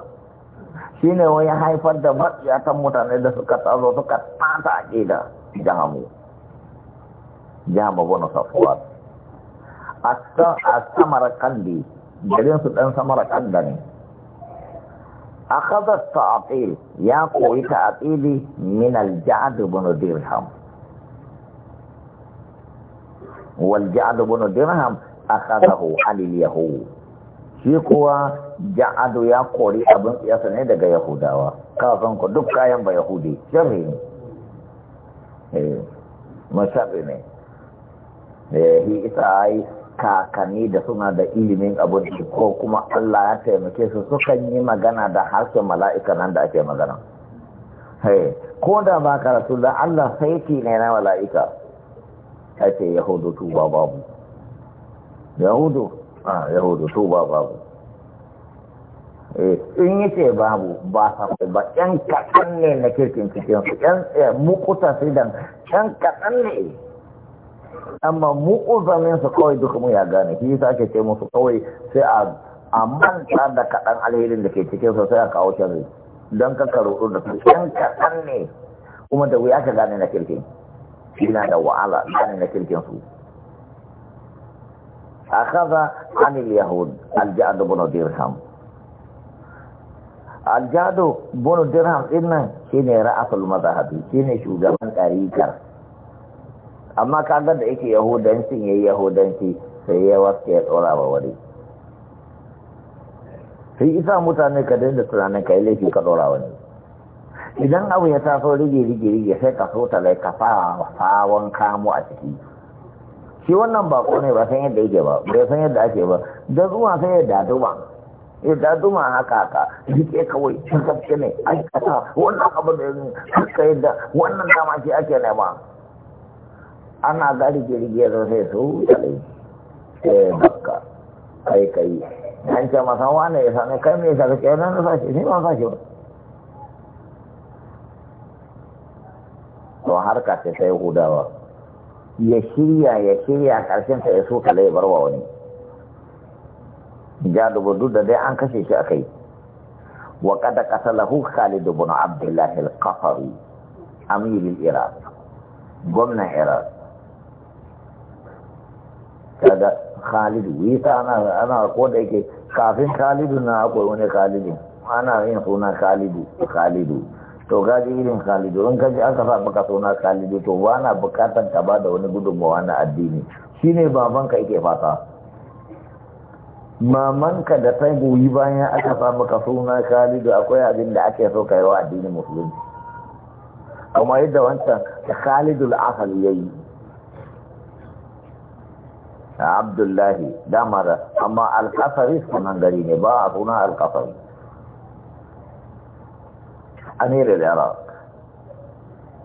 shi ne wani haifar da matsiyatan mutane da suka tsaro suka tata a ƙida jahamu jahamu bane safuwa a samar kandi garin su ɗan samar kanda ne a kazar ta'atil ya koyi ta ta'atili min alja'ad bin dirham wal ja'ad bin dirham akhadahu anil yahud shi kuwa ado ya kori abin siyasa ne daga yahudawa kafin ku duk kayan ba yahudi sharri ne eh, masharri ne eh, shi isa yi kakanni da suna da ilimin abinci ko kuma allah ya taimake su sukan yi magana da harshen mala'ika nan da ake magana eh, ko da ba ka da allah saiti ne na mala'ika ake yahudu tuba babu yahudu a ah, yahudu su ba babu eh, in yake babu ba samu ba yan kaɗan ne na kirkin cikin su yan eh, mukuta su dan yan kaɗan ne amma muku su kawai duka mu ya gane shi yasa ake ce musu kawai sai a a manta da kaɗan alherin da ke cikin su sai a kawo sharri don kaka rudu da su yan kaɗan ne kuma da wuya ka gane na kirkin shi na da wahala gane na kirkin su akhadha anil yahud al-ja'd ibn dirham al-ja'd ibn dirham dinnan shine ra'asul mazhabi shine shugaban ɗarikar amma kaga da yake yahudancin yayi yahudanci sai ya waske ya tsora wa wani sai isa mutane ka dinda tunanin ka laifi ka tsora wani idan abu ya taso rige rige rige sai ka so talai ka fawa kamo a ciki shi wannan bako ne ba san yadda yake ba bai san yadda ake ba da zuwa sai ya daduma ya daduma haka haka jike kawai cin kafce ne aikata wannan abu da yanzu haka yadda wannan dama shi ake nema ana gari rige-rige da sai su tsalai sai baka kai kai an ce masa wane ya sani kai mai saka ce nan na sashi ne ma sashi ba to harka ce sai hudawa ya shirya ya shirya karshen ta ya so kala ya barwa wani jalubu duk da dai an kashe shi kai wa qad qatalahu Khalid ibn Abdullah al-Qafari amir al-Iraq gwamna Iraq kaga Khalid wita ana ana ko da yake kafin Khalid na akwai wani Khalid ana yin suna Khalid Khalid to gaji irin khalidu in kaji aka sa baka suna khalidu to wana bukatan ka ba da wani gudunmawa na addini shine babanka yake fata mamanka da ta goyi bayan aka sa baka suna khalidu akwai abin da ake so kai wa addinin musulunci amma yadda wancan khalidu al yayi abdullahi damar amma al-qasari sunan gari ne ba a suna al amir al-iraq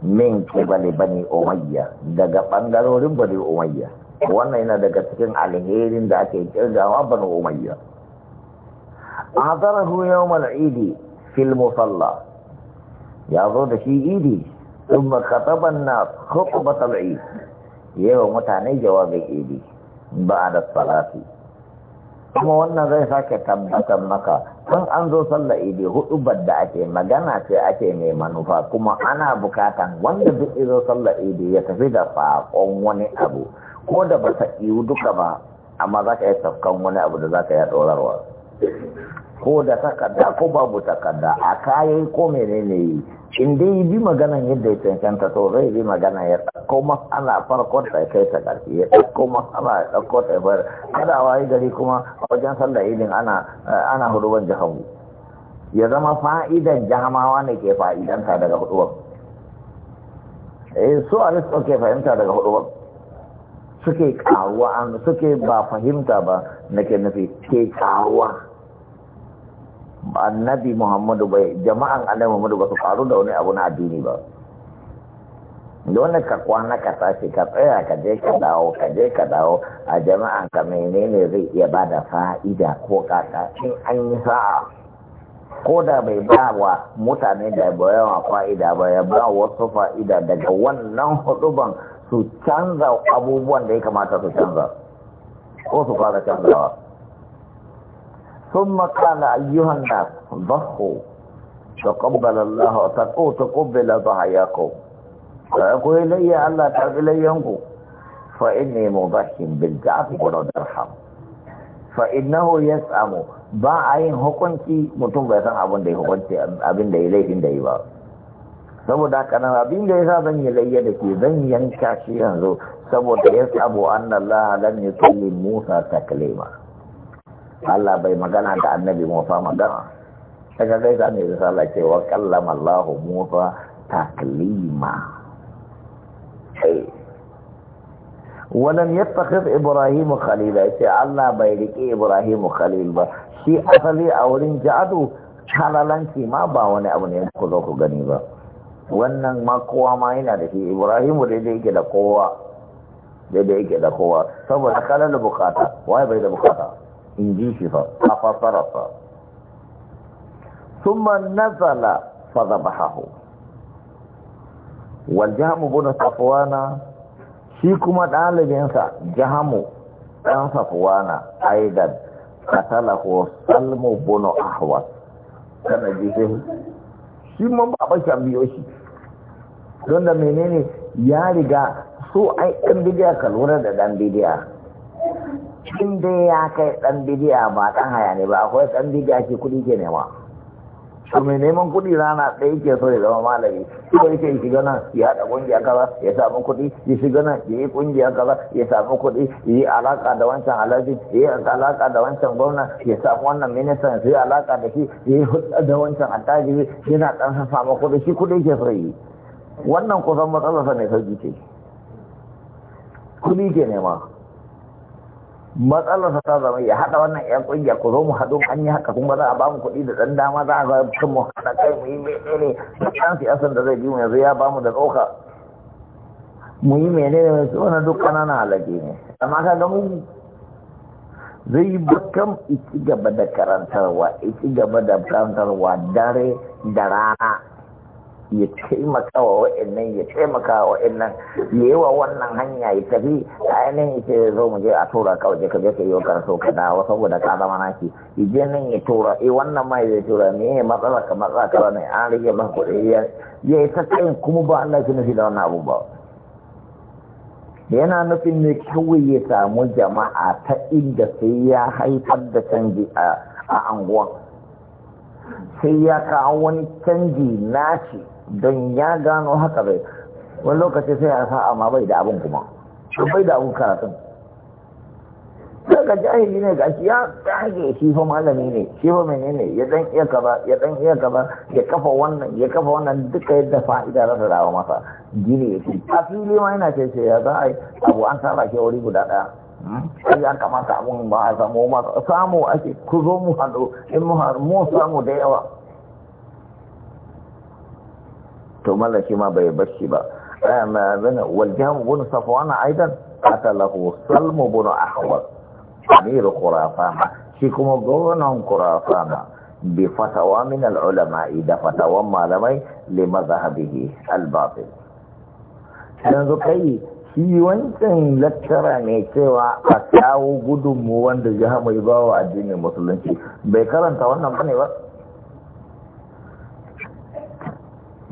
min kibali bani umayya daga bangarorin bani umayya wannan yana daga cikin alherin da ake kirgawa bani umayya hadarahu yawm al-eid musalla ya zo da shi idi in khataba an-nas khutbat yawa mutane jawabin idi ba'da salati kuma wannan zai sake tabbatar maka sun an zo sallar idi hudu da ake magana ce ake mai manufa kuma ana bukatan wanda duk izo sallar idi ya tafi da sakon wani abu ko da ba ta iwu duka ba amma za ka yi tafkan wani abu da za ka yi ɗorarwa ko da takarda ko babu takarda a kayan ko menene yi in dai bi maganan yadda ya cancanta to zai bi magana ya ɗauko ana farko ta kai ta ƙarfi ya ɗauko matsala ya ɗauko ta bar kada wayi gari kuma a wajen sallar idin ana ana huduban jahamu ya zama fa'idan jihamawa ne ke fa'idanta daga huduban eh su ke fahimta daga huduban suke karuwa suke ba fahimta ba nake nufi ke karuwa annabi muhammadu bai jama'an annabi muhammadu ba su faru da wani abu na addini ba dole ka kwana ka tashi ka tsaya ka je ka dawo ka je ka dawo a jama'an ka menene zai iya ba da fa'ida ko kaka in an yi sa'a ko da bai ba wa mutane da yawa fa'ida ba ya ba wasu fa'ida daga wannan huduban su canza abubuwan da ya kamata su canza ko su fara canzawa ثم قال أيها الناس ضحوا تقبل الله تقو تقبل ضحاياكم فأقول إلي الله تعب إليكم فإني مضحي بالجعب ونرحم فإنه يسأم باعين hukunci mutum bai san abin da ya hukunci abin da ya laifin da ya ba saboda haka abin da yasa zan yi layya da ke zan yanka shi yanzu saboda ya sabo annallaha lam yusalli Musa taklima Allah bai magana da annabi Musa magana daga zai zane risala cewa kallama Allah Musa taklima ولم يتخذ Ibrahim Khalil ce Allah bai rike Ibrahim khalil ba shi asali a wurin jadu halalanci ma ba wani abu ne ku zo ku gani ba wannan ma kowa ma yana da shi Ibrahim daidai yake da kowa daidai yake da kowa saboda kalan da bukata waye bai da bukata in ji shi fa a fasararsa summa nazala fadabahahu wal jahamu buna safwana shi kuma ɗalibinsa jahamu ɗan safwana aidan ko salmu buna ahwas kana ji shi shi ma ba ba shan biyo shi don da menene ya riga so ai ɗan bidiya ka da ɗan bidiya in dai ya kai ɗan bidiya ba ɗan haya ne ba akwai ɗan bidiya ke kuɗi ke nema to mai neman kuɗi rana ɗaya ke so ya zama malami ko yake ya shiga nan ya haɗa ƙungiya kaza ya samu kuɗi ya shiga nan ya yi ƙungiya kaza ya samu kuɗi ya yi alaƙa da wancan alhaji ya yi alaƙa da wancan gwamna ya samu wannan ministan ya yi alaƙa da shi ya yi hulɗa da wancan attajiri yana ɗan samu kuɗi shi kuɗi ke so yi wannan kusan matsalarsa mai sauƙi ce kuɗi ke nema matsalarsa ta zama ya haɗa wannan 'yan ƙungiya ku zo mu haɗu an yi haka kuma za a ba mu kuɗi da ɗan dama za a ga kan mu haɗa kai mu yi menene ɗan siyasan da zai bi mu yanzu ya ba mu da tsoka mu yi menene mai su wani duk ƙananan halage ne amma ka ga mu zai yi bakan iki gaba da karantarwa iki gaba da karantarwa dare da rana ya taimaka wa wa'annan ya taimaka wa wa'annan ya yi wa wannan hanya ya tafi a ainihin ya ce zo mu je a tura ka waje ka je ka yi wa so ka dawo saboda ka zama na ya je nan ya tura eh wannan ma ya tura ne ya matsala ka matsala ka ne an rage ba kuɗi ya yi ta tsayin kuma ba Allah shi nufi da wannan abu ba yana nufin ne kawai ya samu jama'a ta inda sai ya haifar da canji a anguwan sai ya kawo wani canji naci don ya gano haka bai wani lokaci sai a sa amma bai da abin kuma bai da abin karatun daga jahili ne ga shi ya tsage shi fa malami ne shi fa ne ya dan iya kaza ya dan iya kaza ya kafa wannan ya kafa wannan duka yadda fa'ida za ta dawo masa gini yake a fili ma yana ce ce ya za a yi abu an saba ke wuri guda daya hmm? sai ya kamata abun ba a samu masu samu ake ku zo mu hado in mu samu da yawa to mallaki ma bai bar shi ba waljihan bin safwan aidan atalahu salmu bin Amiru amir qurafan shi kuma gwamnan qurafan bi fatawa min al ulama da fatawa malamai li mazhabihi al batil yanzu kai shi wancan lattara ne cewa a kawo gudunmu wanda ya hama bawa addinin musulunci bai karanta wannan bane ba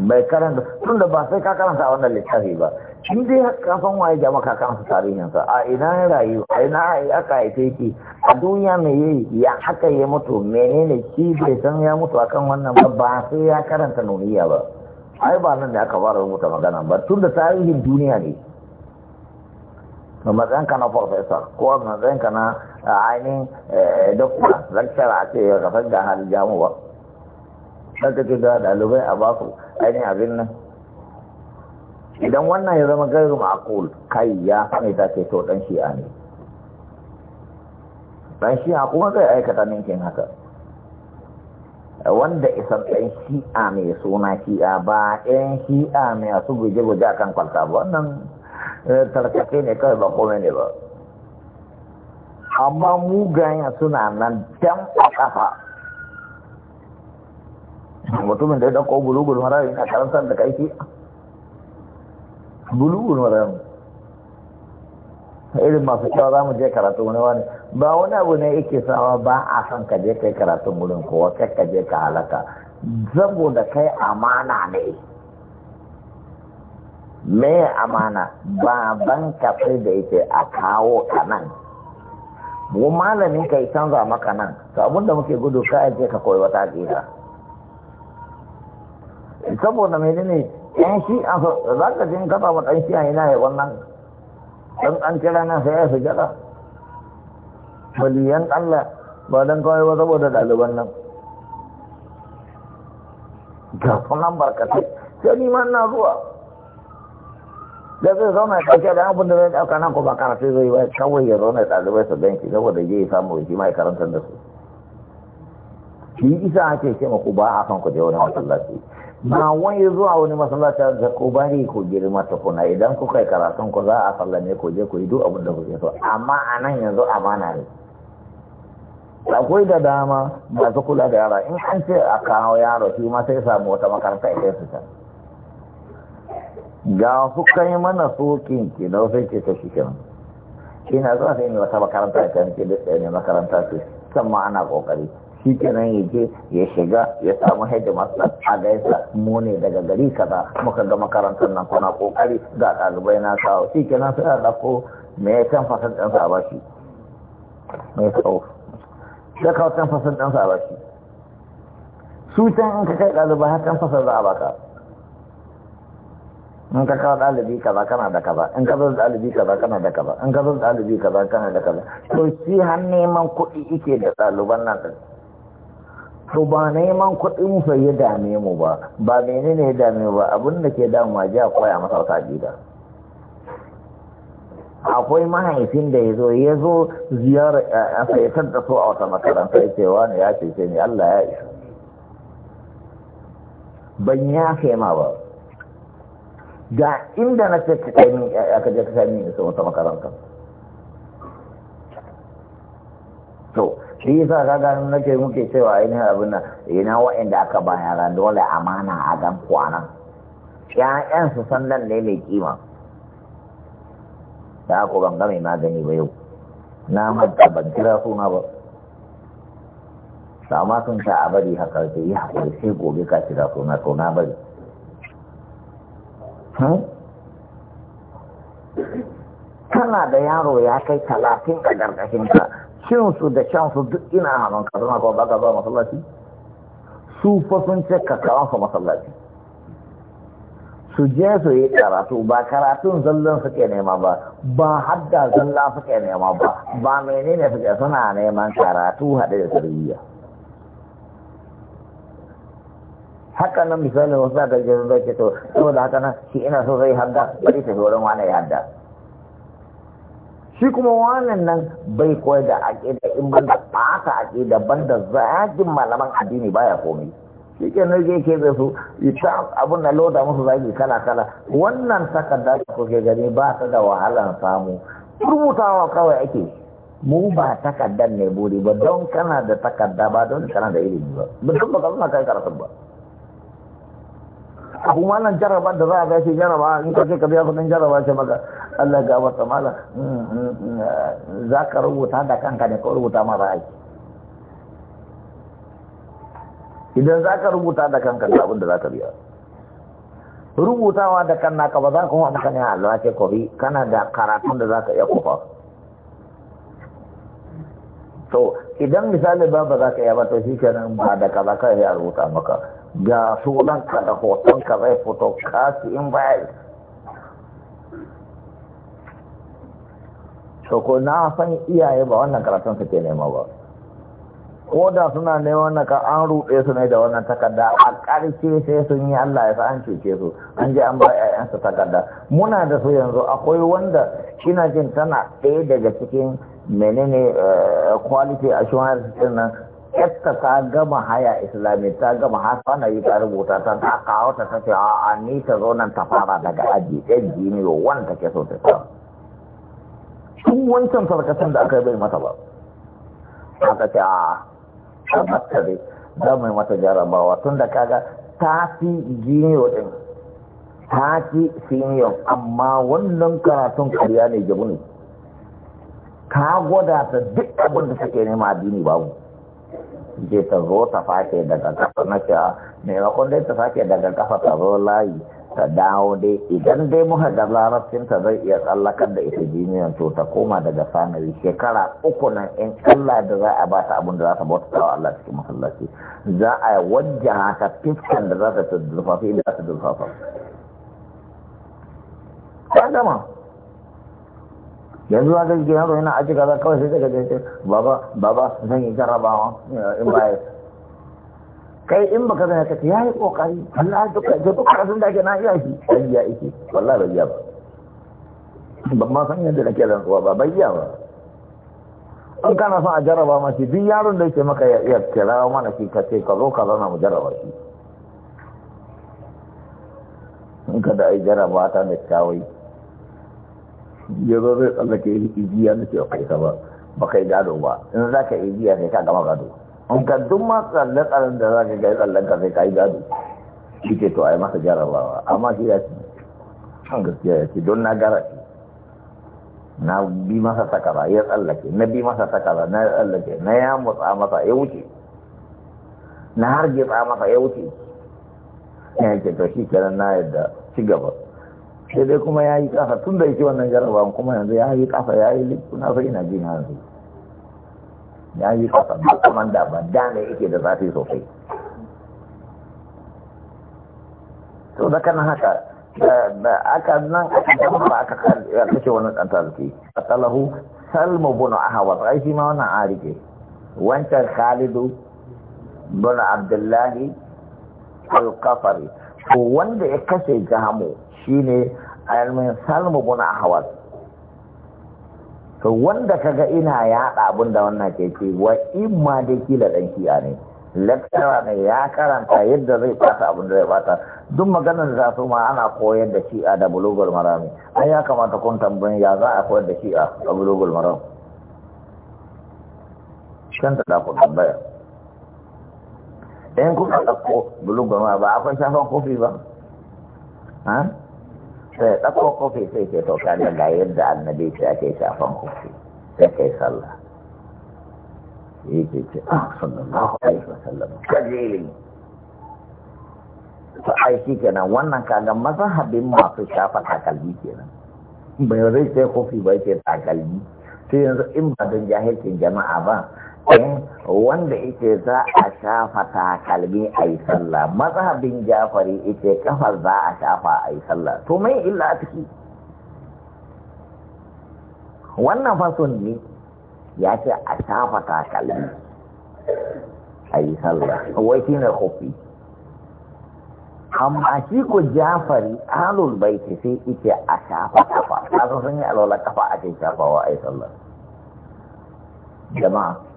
bai karanta tun da ba sai ka karanta a wannan littafi ba shi dai kafin waye jama ka karanta tarihinsa a ina ya rayu a ina ya aka haife ki? a duniya me yayi ya haka ya mutu menene shi bai san ya mutu akan wannan ba ba sai ya karanta nuniya ba ai ba nan ne aka fara rubuta magana ba tun da tarihin duniya ne a matsayinka na farfesa ko a matsayinka na eh, ainihin eh, dokta lakcara a ce ya kafar da hali jamu ba za ka ce da ɗalibai a baku ainihin abin nan idan wannan ya zama gairu ma'akul kai ya sani ta ke to dan shi'a ne dan shi'a kuma zai aikata ninkin haka wanda isan ɗan shi'a mai suna shi'a ba ɗan shi'a mai su guje-guje akan kwalta ba wannan eh, tarkake ne kawai ba kome ne ba amma mugayen suna nan dan a ƙafa mutumin da ya ɗauko bulugul marayu na karantar da kaiki bulugul marami irin masu kyau za mu je karatu wani wani ba wani abu ne yake sawa ba a san ka je kai karatun wurin kowa kai ka je ka halaka da kai amana ne me amana baban ban kafai da yake a kawo ka nan malamin ka yi canza maka nan to abinda muke gudu ka je ka koyi wata aƙida saboda mai ne yan shi an za ka jin kafa wa ɗan shi a yana yi wannan ɗan an kira nan sai ya sujada waliyan Allah ba don kawai ba saboda ɗaliban nan ga sunan barkatai sai ni ma na zuwa da zai zauna ya ɗauke da abin da zai ɗauka nan ko ba karatu zai ba kawai ya zauna ya ɗalibai su ganki saboda ya samu shi ma ya karantar da su shi isa ake ce ku ba a kan ku je wani masallaci ba wai zuwa wani masallaci da ko bari ko girma ta kuna idan ku kai karatun ku za a sallame ku je ku yi duk abin da kuke so amma a nan yanzu amana ne akwai da dama masu kula da yara in an ce a kawo yaro shi ma sai samu wata makaranta ita su ta ga su kai mana sokin ki na sai ke ta shi kenan shi zuwa sai ne wata makaranta ta ke, duk ɗaya ne makaranta ce kan ma ana kokari shi kenan ya je ya shiga ya samu masu a gaisa mu ne daga gari kaza muka ga makarantar nan kuna kokari ga ɗalibai na kawo shi kenan sai a ɗauko me can fasar ɗansa a bashi mai tsawo da kawo can fasar ɗansa a bashi su can in ka kai ɗalibai har can fasar za a baka in ka kawo ɗalibi kaza kana da kaza in ka zo ɗalibi kaza kana da kaza in ka zo ɗalibi kaza kana da kaza to shi har neman kuɗi ike da ɗaliban nan ɗin to ba neman kuɗin fa ya dame mu ba ba menene ya dame ba abin da ke damuwa ji a koya masa wata gida akwai mahaifin da ya zo ya zo ziyarar sai ya da so a wata makaranta ya ce wani ya ce, ne Allah ya isa ban ya ma ba ga inda na ce kai min ka ka kai min isa wata makaranta to shi yasa ka kaga nake muke cewa ainihin abin nan ina wa'anda aka ba yara dole amana a gan kwana ƴaƴan su san nan ne mai kima da ko ban ga mai magani ba yau na manta ban kira suna ba sama sun sa a bari haka ce yi haƙuri sai gobe ka kira suna to na bari tana hmm? da yaro ya kai talatin a ka. cinsu da cansu duk ina hannun ka suna kuma baka zuwa masallaci su fa sun ce ka kawansu masallaci su je su yi karatu ba karatun zallon suke nema ba ba hadda zalla suke nema ba ba menene suke suna neman karatu haɗe da tarbiyya haka nan misalin wasu da gajiyar da ke to saboda haka nan shi ina so zai hadda bari ta wurin wani ya hadda shi kuma wannan nan bai koyar da aƙida in ban da ɓata aƙida ban da zagin malaman addini baya komai shi ke nan zai ke su ita abin na loda musu zagi kala kala wannan takarda da kuke gani ba ta da wahalar samu rubutawa kawai ake mu ba takardar ne buri ba don kana da takarda ba don kana da ilimi ba ba don ba ka kai karatun ba abu nan jaraba da za a gashi jaraba in ka ce ka biya kudin jaraba ce maka Allah ga wata mala mm, mm, mm, eh, za ka rubuta da kanka ne ka rubuta ma ra'ayi idan za ka rubuta da kanka da abin da za ka biya rubutawa da kan naka ba za ka wani kan yi ce kofi kana da karatun da za ka iya kofa to idan misali ba ba za ka yaba to shi kenan ba da kaza ka ya rubuta maka ga sunan ka da hoton ka zai fito kasi in baya to ko na san iyaye ba wannan karatun suke nema ba ko da suna neman wannan ka an ruɗe su ne da wannan takarda a ƙarshe sai sun yi Allah ya sa an cece su an je an ba ƴaƴansu takarda muna da su yanzu akwai wanda kina jin tana ɗaya daga cikin menene eh, quality assurance din nan yadda ta gama haya islami ta gama na yi ta rubuta ta ta kawo ta ta ce a ni ta zo nan ta fara daga aji ɗan jiniyo wanda ke so ta ta tun wancan farkasan da aka yi bai mata ba ta ce a tabbatar za mu yi mata jarabawa tun da kaga ta fi jiniyo ɗin ta fi senior amma wannan karatun karya ne jabu ne ta gwada ta duk abin da take nema addini babu je ta zo ta fake daga kafa na a ah, maimakon dai ta fake daga kafa ta zo layi ta dawo dai idan dai muka ga larabcinta zai iya tsallakar da ita jiniyan to ta koma daga sanari shekara uku na in Allah da za a ba ta abin da za ta bauta wa Allah cikin masallaci za a wajja ta fiskan da za ta zurfafi da za ta zurfafa ta gama yanzu za ka ji yanzu yana aji kaza kawai sai daga jinsu baba baba zan yi jarrabawa eh, in baya kai in baka zai ka ya yi kokari Allah duka da duka karatun da ake na iya shi dan iya yake wallahi bai iya ba ba ma san yadda nake rantsuwa ba ba iya ba in kana son a jarraba ma shi duk yaron da yake maka ya iya kira mana shi ka ce ka zo ka zana mu jarraba shi in ka da ai jarraba ta da kyawai ya zo zai tsallake ijiya na ce kai ka ba ba kai gado ba in za ka ijiya sai ka gama gado in ka duk ma tsalle da za ka ga tsallen ka sai ka yi gado shi ke to a yi masa jarabawa amma shi ya ce an gaskiya ya ce don na gara shi na bi masa takara ya tsallake na bi masa takara na ya tsallake na ya mutsa masa ya wuce na har gitsa masa ya wuce ya ce to shi kenan na yadda ci gaba sai dai kuma ya yi ƙasa tun da yake wannan jarabawan kuma yanzu ya yi ƙasa ya yi likuna sai ina jin yanzu ya yi ƙasa ba kuma da ba da ne yake da zafi sosai to da kana haka aka nan aka ba aka kace wani ɗan tarki atalahu salmu bin ahwa ai shi ma wannan arike wancan khalidu bin abdullahi al-qafari to wanda ya kashe jahamu Shi ne a almin salmu a hawa to wanda kaga ina yaɗa abin da wannan ke ce wa ma da kila ɗan kiya ne lecturer ne ya karanta yadda zai fata abin da zai fata duk maganar da su ma ana koyar da shi'a da bulugul marami ai ya kamata kun tambayin ya za a koyar da shi'a da bulugul marami kan ta dafa tambaya in kuka ɗauko bulugul marami ba akwai shafan kofi ba ha sai ya ɗauko kofi sai ke to da ga yadda annabi ce ake shafan kofi sai kai yi Ke ce ah sallallahu alaihi wasallam kajeli to ai shi kenan wannan kaga masu shafa takalmi kenan bai zai sai kofi bai ke takalmi sai yanzu in ba don jahilcin jama'a ba wanda ita za a shafa takalmi a yi sallah mazhabin jafari ita kafar za a shafa a yi sallah to mai illa a ciki wannan fason ne ya ce a shafa takalmi a yi sallah wai shi ne kofi amma shi ko jafari alul bai ce sai ita a shafa kafa a sun yi alwala kafa shafa wa a yi sallah jama'a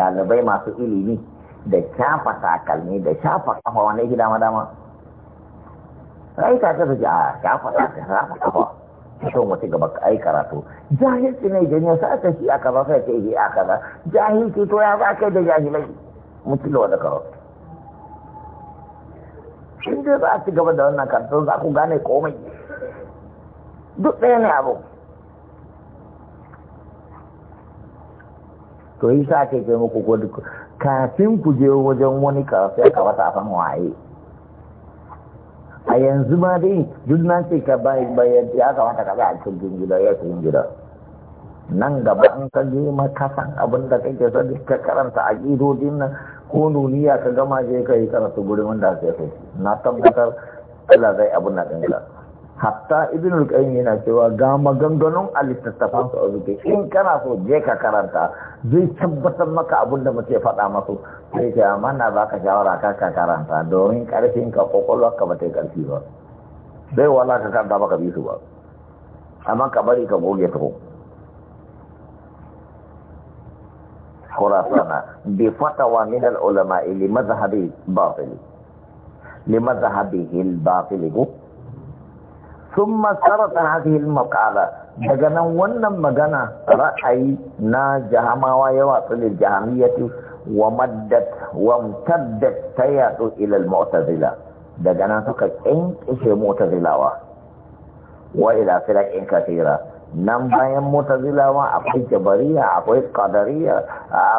dalibai masu ilimi da shafa takalmi da shafa kafa wanda yake dama dama aika ta ji a shafa takalmi shafa kafa shan wata gaba ai karatu jahilci ne idan ya sa shi aka ba sai ka yi a eh, kaza jahilci to ya ba ka da jahilai mutum da wani karatu in dai za a ci gaba da wannan karatu za ku gane komai duk ɗaya ne abu to yi sa ke kai muku gudu kafin ku je wajen wani kafin ya wata a waye a yanzu ma dai duk na ce ka bayan ya kamata ka kaza a cikin gida ya cikin gida nan gaba an ka je makasan abin da kake so duka karanta a ƙidodin nan ko nuniya ka gama je ka yi karatu gurin wanda ake kai na tabbatar Allah zai abin na ɗinka hatta ibn al-qayyim yana cewa ga maganganun alittattafan su azuke in kana so je ka karanta zai tabbatar maka abin da muke faɗa masu sai ce amma na ka shawara ka ka karanta domin karfin ka ƙwaƙwalwa ka bata karfi ba sai wala ka karanta baka bi su ba amma ka bari ka goge ta kurasana bi fatawa min al-ulama li madhhabi batili li madhhabihi al-batili Sun masarata سرت هذه Daga nan wannan magana ra'ayi na jahamawa yawa tsulil jahamiyati wa maddat wa amtaddat tayadu ila al mu'tazila dagana suka kinkishe mu'tazilawa wa ila firaqin kathira nan bayan mu'tazilawa akwai jabariya akwai qadariya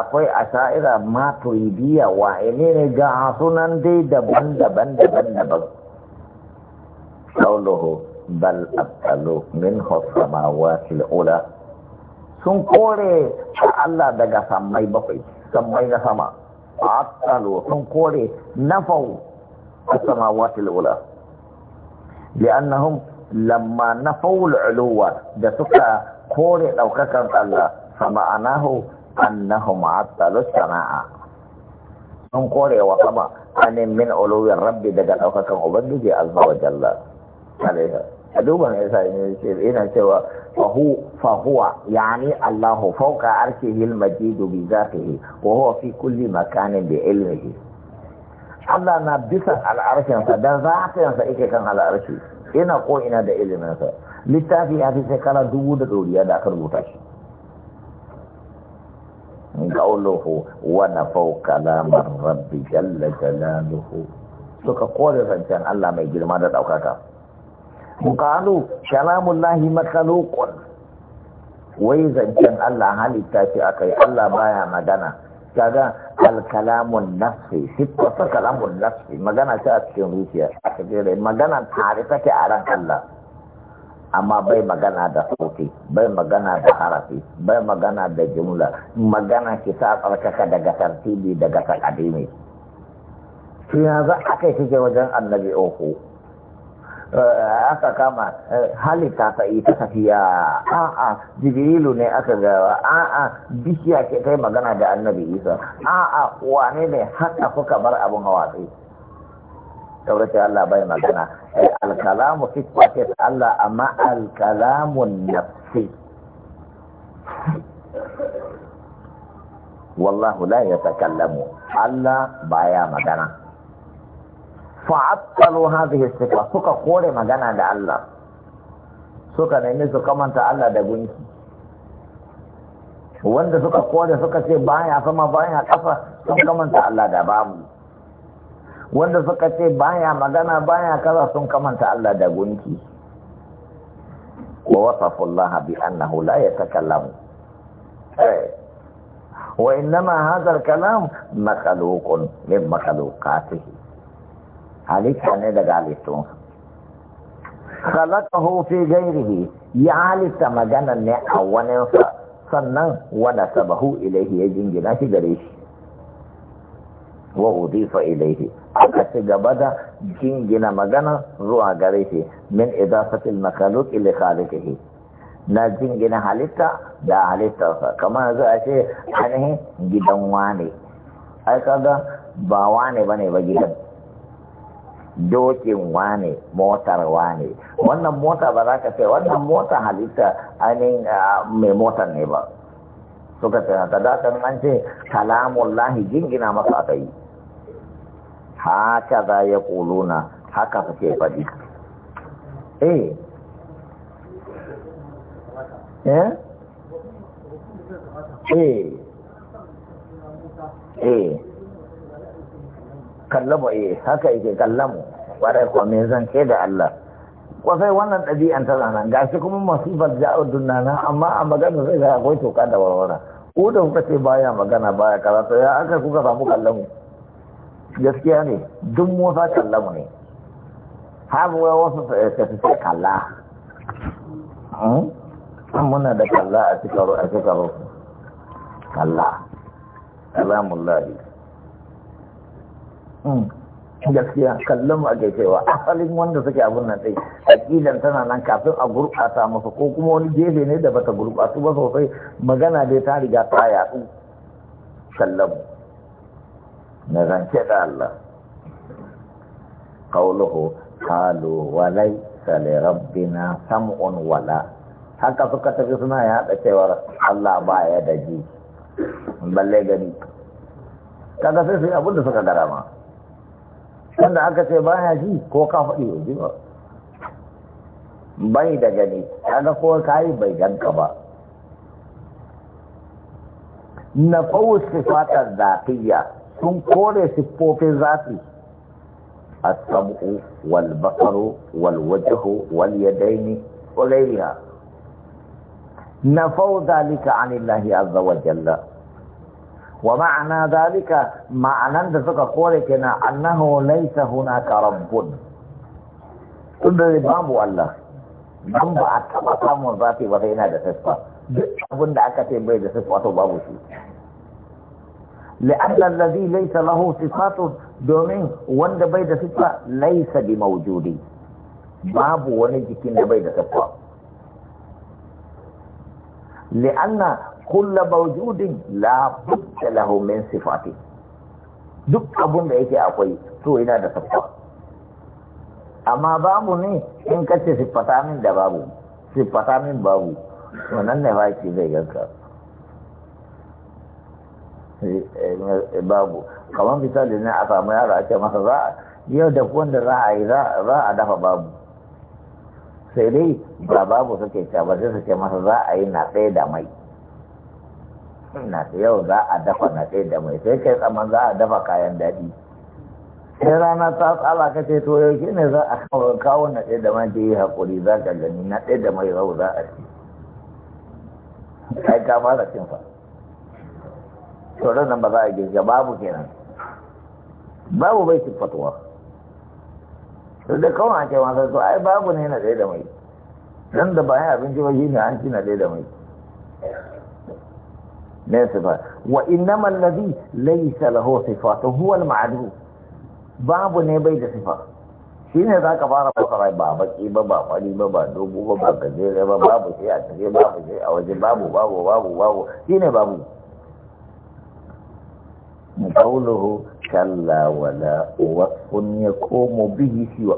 akwai asha'ira maturidiya wa ne ga sunan dai daban-daban daban-daban qawluhu بل أبتلو منه السماوات الأولى سن قولي شعلا دقا سمي بقي سمي نسما أبتلو سن قولي نفو السماوات الأولى لأنهم لما نفو العلوة جسوكا قولي لو كانت الله سمعناه أنهم أبتلو السماعة سن قولي وسما أن من علو ربي دقا لو كانت عبده عز وجل عليها a duba mai yasa ne ce ina cewa fahu fahuwa yani Allahu Fauka, arshihi al-majid bi zatihi wa huwa fi kulli makanin bi ilmihi Allah na bisa al'arshin sa dan zatin sa yake kan al'arshi ina ko ina da ilimin sa littafi ya fi kala dubu da doriya da aka rubuta shi قوله ونفوا كلام الرب jalla جلاله suka kore zancen Allah mai girma da ɗaukaka. shalamun lahi makhluqun wai zancen Allah halitta ce aka yi Allah baya magana kaga alkalamun nafsi siffarsa kalamun nafsi magana ce a cikin rufiya, a jere magana tare take a ran Allah amma bai magana da sauti bai magana da harafi bai magana da jimla magana ki sa tsarkaka daga tartibi daga takadimi to ya za a kai kike wajen annabi oku Eh, aka kama eh, halitta ta yi ta tafiya a'a jibrilu ne aka gawa a bishiya ke kai magana da annabi isa a wane ne haka kuka bar abin sai taurace Allah bai magana eh, al-kalamu fi kwace Allah amma al-kalamu nafsi wallahu la yatakallamu Allah baya magana fa'attalu hadhihi sifa suka kore magana da Allah suka nemi su kamanta Allah da gunki wanda suka kore suka ce baya sama baya kafa sun kamanta Allah da babu wanda suka ce baya magana baya kaza sun kamanta Allah da gunki wa wasafu Allah bi annahu la yatakallamu wa innama hadha al-kalam makhluqun min makhluqatihi halitta ne daga kala khalaqahu fi ghairihi ya halitta maganan ne a waninsa sannan wada sabahu ilaihi ya jingina shi gare shi wa udifa ilaihi aka ci gaba da jingina magana zuwa gare shi min idafatil makhluq ila khaliqihi na jingina halitta da halittarsa kamar za a ce ainihin gidan wane ai kaga ba wane bane ba gidan dokin wane motar wane wannan mota ba za ka wannan mota halitta ainihin mai motar ne ba suka ce haka dakan an ce kalamun lahi jingina masa aka yi haka za ya kuluna haka suke faɗi eh eh eh, eh. kallaba ye eh, haka yake kallamu warai kuwa me zan ke da Allah kwasai wannan ɗabi'an tana nan gashi kuma masifar ja'ar dunana amma a magana sai ga akwai toka da warwara ko da kuka ce baya magana baya kaza to ya aka kuka samu kallamu gaskiya ne duk musa kallamu ne har wasu ka fi sai kalla hmm? muna da kalla a cikin kalla kalamullahi Hmm. gaskiya kallon mu ake cewa asalin wanda suke abun nan dai akidan tana nan kafin a gurɓata masa ko kuma wani gefe ne da bata gurɓatu ba sosai magana dai ta riga ta yaɗu kallon mu na zance da Allah qawluhu qalu wa laysa li rabbina sam'un wala haka suka tafi suna yaɗa cewar Allah ba ya da ji balle gani kaga sai sai abin da suka gara ma wanda aka ce ba ya ji ko ka faɗi ya ji ba bai da gani kaga ko ka yi bai ganka ba na kowa da zafiya sun kore siffofin zafi a sam'u wal basaru wal wajahu wal gairiya na fawo zalika anillahi azza wa jalla wa ma'ana zalika ma'anan da suka kore kenan annahu laysa hunaka rabbun tunda babu Allah dan ba a taba samun zafi ba sai yana da siffa duk abin da aka ce bai da siffa to babu shi domin wanda bai da صفات دومين وان بيد babu wani بموجود باب bai da صفة لأن kulla موجود la بد له من sifati duk abun da yake akwai to yana da sifa amma babu ne in ka ce siffata min da babu siffata min babu wannan ne ba ki zai ganka babu kamar misali ne a samu yara ake masa za yau da wanda za a yi za a dafa babu sai dai ba babu suke ce ba sai suke masa za a yi na ɗaya da mai na ta yau za a dafa na ɗaya da mai sai kai tsaman za a dafa kayan daɗi sai rana ta tsala ka ce to yau ne za a kawo na ɗaya da mai da yi haƙuri za ka gani na ɗaya da mai yau za a ci kai ka fara cin fa to nan ba za a girga babu kenan babu bai fatuwa to da kawai a ce sai to ai babu ne na ɗaya da mai dan da bayan abinci ba shi ne an ci na ɗaya da mai نافذة وإنما الذي ليس له صفات هو المعدو باب نبي صفات شين هذا كبار بطراء بابا إبا بابا إبا بابا دوبو بابا كذير إبا بابا شيء أتنى بابا شيء أو جي بابو بابو بابو بابو شين بابو قوله كلا ولا وصف يقوم به سوى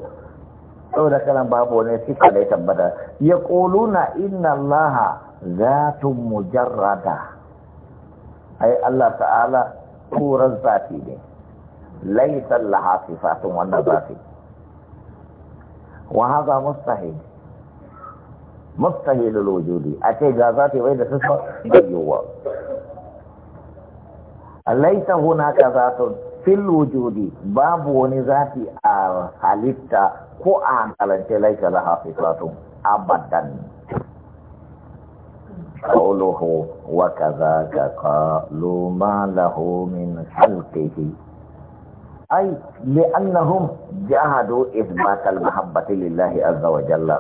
أو ذا كلام بابو نسي فليت بدا يقولون إن الله ذات مجردة ai Allah ta'ala kuran zafi ne laisan laha sifatun wannan zafi wa haza mustahil mustahil wujudi a ce ga zafi wai da sifa bayyuwa laisa hunaka zatun fil wujudi babu wani zafi a halitta ko a hankalance laisa laha sifatun abadan قوله وكذاك قالوا ما له من خلقه أي لأنهم جاهدوا إثبات المحبة لله عز وجل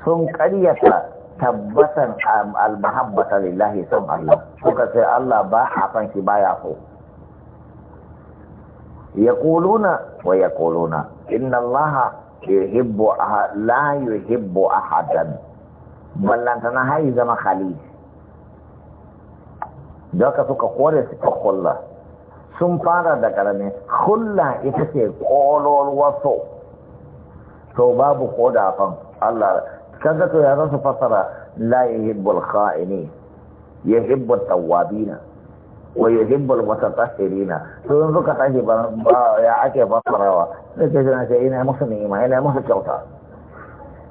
sun ƙaryata tabbatar al-mahabbata lillahi sun Allah Kuka sai Allah ba a san shi ba ya ko ya kuluna wa ya kuluna inna Allah la yuhibbu ahadan ballantana har yi zama khalid da ka suka kore suka kulla sun fara da karami kulla ita ce kolon waso to babu koda fan Allah kaga to ya zasu fasara la yuhibbul kha'ini tawabi na. wa yuhibbul mutatahhirina to yanzu ka tashi ba ya ake fasarawa sai ce ina musu ni'ima ina musu kyauta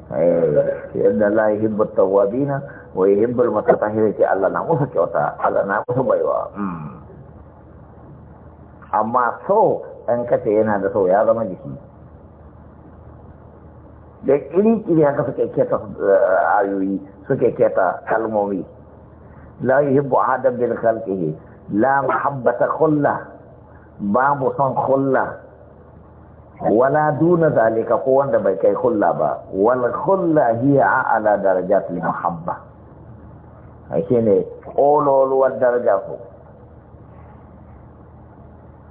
yadda la yuhibbu wa Allah na musu kyauta Allah na musu baiwa hmm. amma so an kace yana da so ya zama jiki da iri iri haka suke keta ayoyi suke keta kalmomi la yuhibbu adam bil khalqihi la mahabbata kulla babu son kulla wala duna zalika ko wanda bai kai khulla ba wal khulla hiya a'la darajat al muhabba ake ne wal daraja ko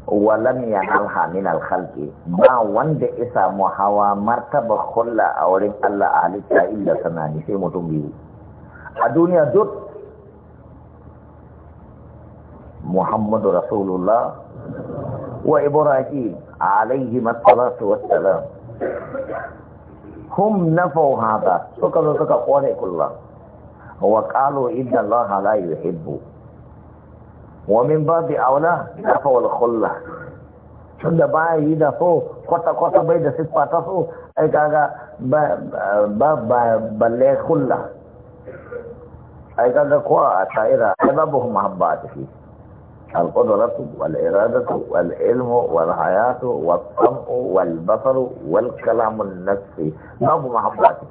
walam yanalha min al khalqi ba wanda isa mu hawa martaba khulla a wurin Allah ali ta illa ni sai mutum biyu a duniya duk Muhammadu Rasulullah وإبراهيم عليه الصلاة والسلام هم نفوا هذا سكروا سكروا عليك الله وقالوا إن الله لا يحب ومن بعد أولى نفوا الخلة شد باي يدا سو قطة قطة بيدا سيس باتا سو أي كاغا با با با بلي خلة أي كاغا قوة أتائرة سببهم محباتي فيه القدرة والإرادة والعلم والحياة والطمع والبصر والكلام النفسي ما هو محباتك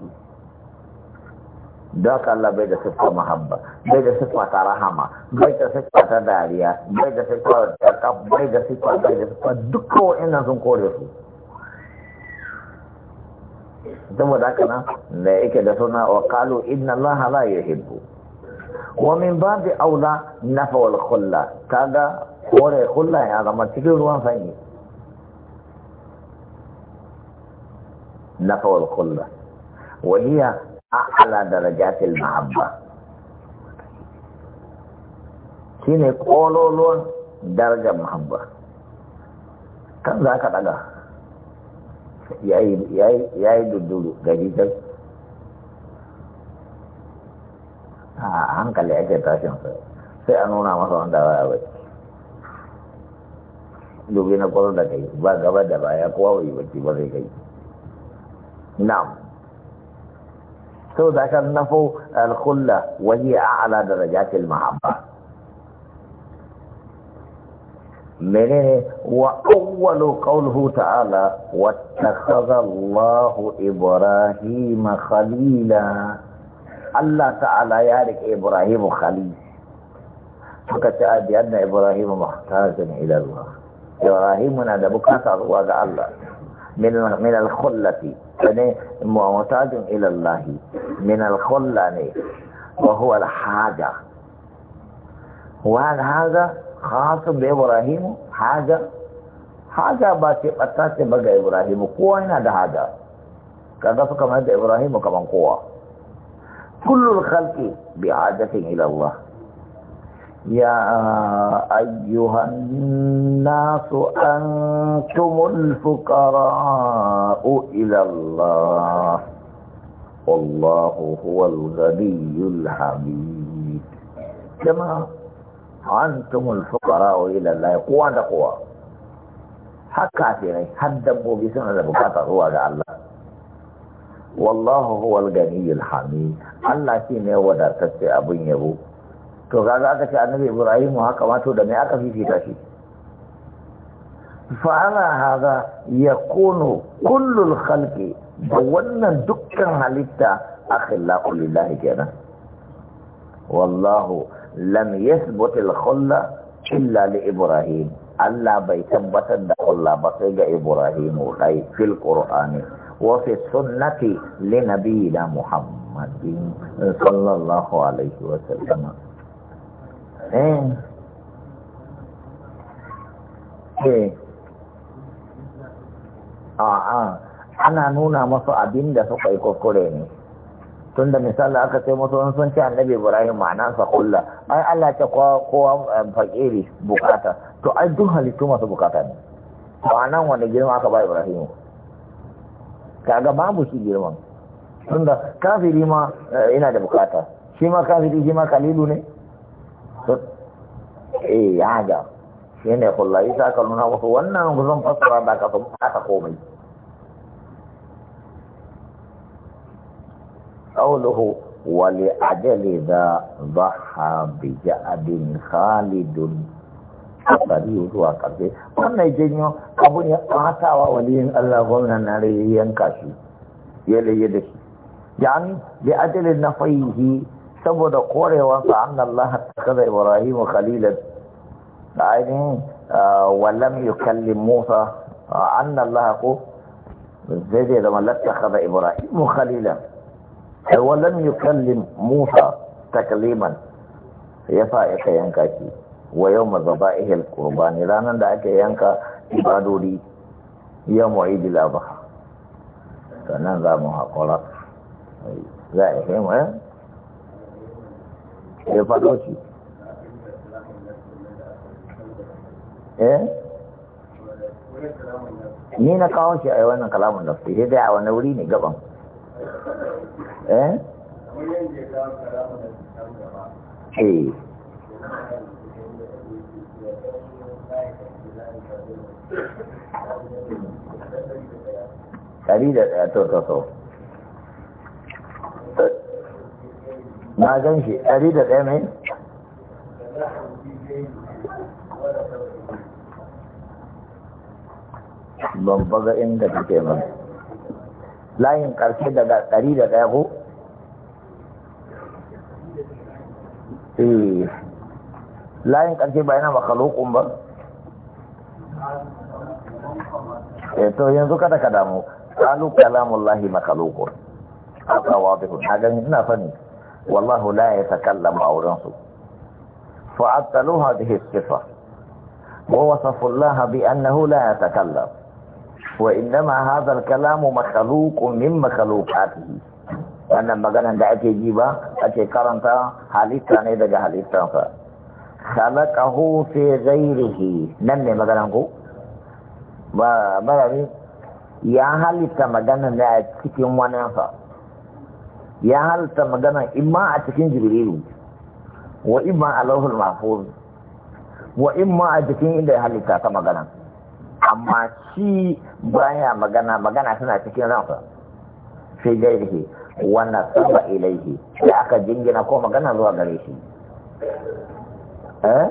ذاك الله بيد سفة محبة بيد سفة رحمة بيد سفة دارية بيد سفة تقب بيد سفة بيد صفة دكو إنا سنقول ثم ذاك نا لأيك دسونا وقالوا إن الله لا يحبه ومن بعد اولى نفو الخلا كاغا خور الخلا يا ما تقول وان فاني نفو الخلة وهي اعلى درجات المحبة شيني قولولون درجة محبة كم ذاك الأقا يا يا يا يا دودو جديدك a hankali ake tashin sa sai a nuna masa wanda ba ya bai dubi na kwaro da kai ba gaba da baya kowa bai bacci ba zai kai na'am sau da aka nafo alkulla waje a ala da rajatil mahabba menene wa awwalu qawluhu ta'ala wattakhadha Allahu Ibrahima khalila Allah ta'ala ya rike Ibrahim Khalil suka ce a biyar da Ibrahim muhtajin ila Allah Ibrahim na da bukata zuwa ga Allah min min al-khullati ne muhtajin ila Allah min al-khulla ne wa huwa al-haja wa al-haja khas bi Ibrahim haja haja ba ce batta ce ba ga Ibrahim kowa yana da haja kaga suka mai da Ibrahim kaman kowa كل الخلق بعادة إلى الله يا أيها الناس أنتم الفقراء إلى الله والله هو الغني الحميد كما أنتم الفقراء إلى الله قوة قوة حكاتي هدبوا بسنة بكاتر هو الله wallahu huwal ganiyul hamid Allah shi ne wadatacce abin yabo to kaga aka ce annabi Ibrahim haka ma to da me aka fifita shi fa ala hada yakunu kullul khalqi da wannan dukkan halitta akhlaqu lillahi kenan wallahu lam yathbut al khulla illa li Ibrahim Allah bai tabbatar da khulla ba sai ga Ibrahim dai fil Qur'ani وفي السنة لنبينا da صلى sallallahu alaihi وسلم ايه ايه a'a ana nuna masu abin da suka yi kokore ne tun da misali aka ce masu wani sun ce annabi ibrahim sa kulla ai allah ce kowa eh, fakiri bukata to ai duk halittu masu bukata ne to a nan wani girma aka ba ibrahim kaga babu shi girman tunda kafiri ma eh, ina da bukata shi ma kafiri shi ma kalilu ne eh ya ga shi ne kullayi sa ka nuna wasu wannan guzon fasara da ka sun fata komai قوله ولأجل ذا ضحى بجعد خالد tsari zuwa ƙarfe wannan janyo abun ya ɓatawa waliyin Allah gwamnan na yanka shi ya laye da shi yani bi ajalin na fahihi saboda korewansa an Allah ta kaza Ibrahim Khalilan da ainihin wallam yi kallin Musa an Allah ko zai zai zama latta kaza Ibrahim Khalilan wallam yi kallin Musa takliman ya sa ya yanka shi wa yau mazaba ihil ƙurbani ranar da ake yanka ibadori ya mawai dilaba sannan za mu haƙura za a ihe mu yan eh? ya faɗo ci eh ni na kawo shi a yi wannan kalamun da su dai a wani wuri ne gaban eh eh ɗari da ɗaya to to to na gan shi ɗari da ɗaya mai ban baga inda ke mai layin ƙarshe daga ɗari da ɗaya ko? Eh. layin ƙarshe bayan yana makalokun ba? Eh, to yanzu kada ka damu qalu kalamullahi makhluqun haka wadihu haga ina sani wallahu la yatakallamu auran su fa hadhihi sifa wa wasafu Allah bi annahu la yatakallam wa innama hadha al-kalam makhluqun min makhluqatihi wannan maganan da ake ji ba ake karanta halitta ne daga halittansa khalaqahu fi ghayrihi nan ne maganan ko ba barari ya halitta magana ne a cikin wani wanansa ya halitta magana imma a cikin jibrilu wa imma a lauhul mahfuz wa imma a cikin inda ya halitta ta magana amma shi baya magana magana suna cikin ransa sai dai yake wannan saba ilaihi sai aka jingina ko magana zuwa gare shi eh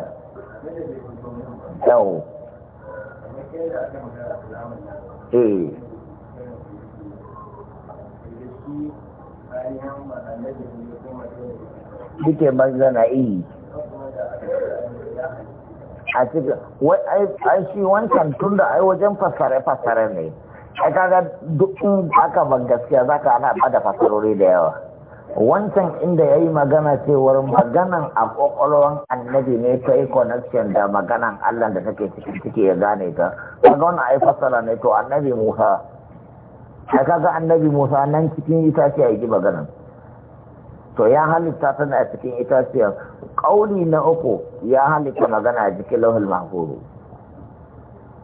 yau eh duke banza na iyi, eh. a cikin ai shi wancan tun da ai wajen fasare-fasare ne ai kaga duk aka ban gaskiya zaka ana bada fasarori da yawa wancan inda ya yi magana cewar maganan a ƙwaƙwalwan annabi ne ta yi connection da maganan Allah da take ciki ya gane ta kaga wannan ai fassara ne to annabi Musa ai kaga annabi Musa nan cikin itaciya yake maganan to ya halitta tana a cikin itaciya? ƙauli na uku ya halitta magana a cikin lauhul mahfuz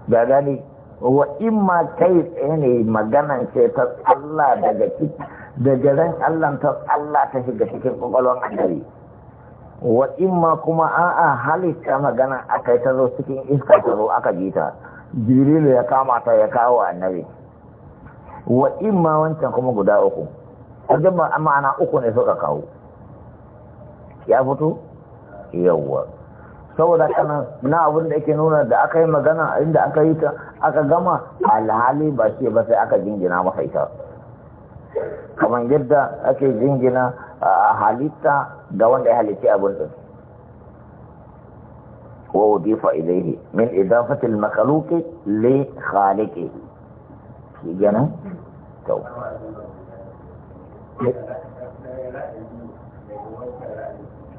da gani wa imma kai tsaye ne maganan ce ta Allah daga ciki daga ran Allah ta tsalla ta shiga cikin kwakwalwar annabi wa imma kuma a halitta magana aka ta zo cikin iska ta zo aka ji ta ya kama ta ya kawo annabi wa imma wancan kuma guda uku wajen ma'ana uku ne suka kawo ya fito yawwa saboda kana na abin da yake nuna da aka yi magana inda aka yi ta aka gama alhali ba ce ba sai aka jingina masa ita kamar yadda ake jingina halitta ga wanda ya halitti abin din wa wudifa ilaihi min idafati al-makhluqi li khaliqihi shi gana to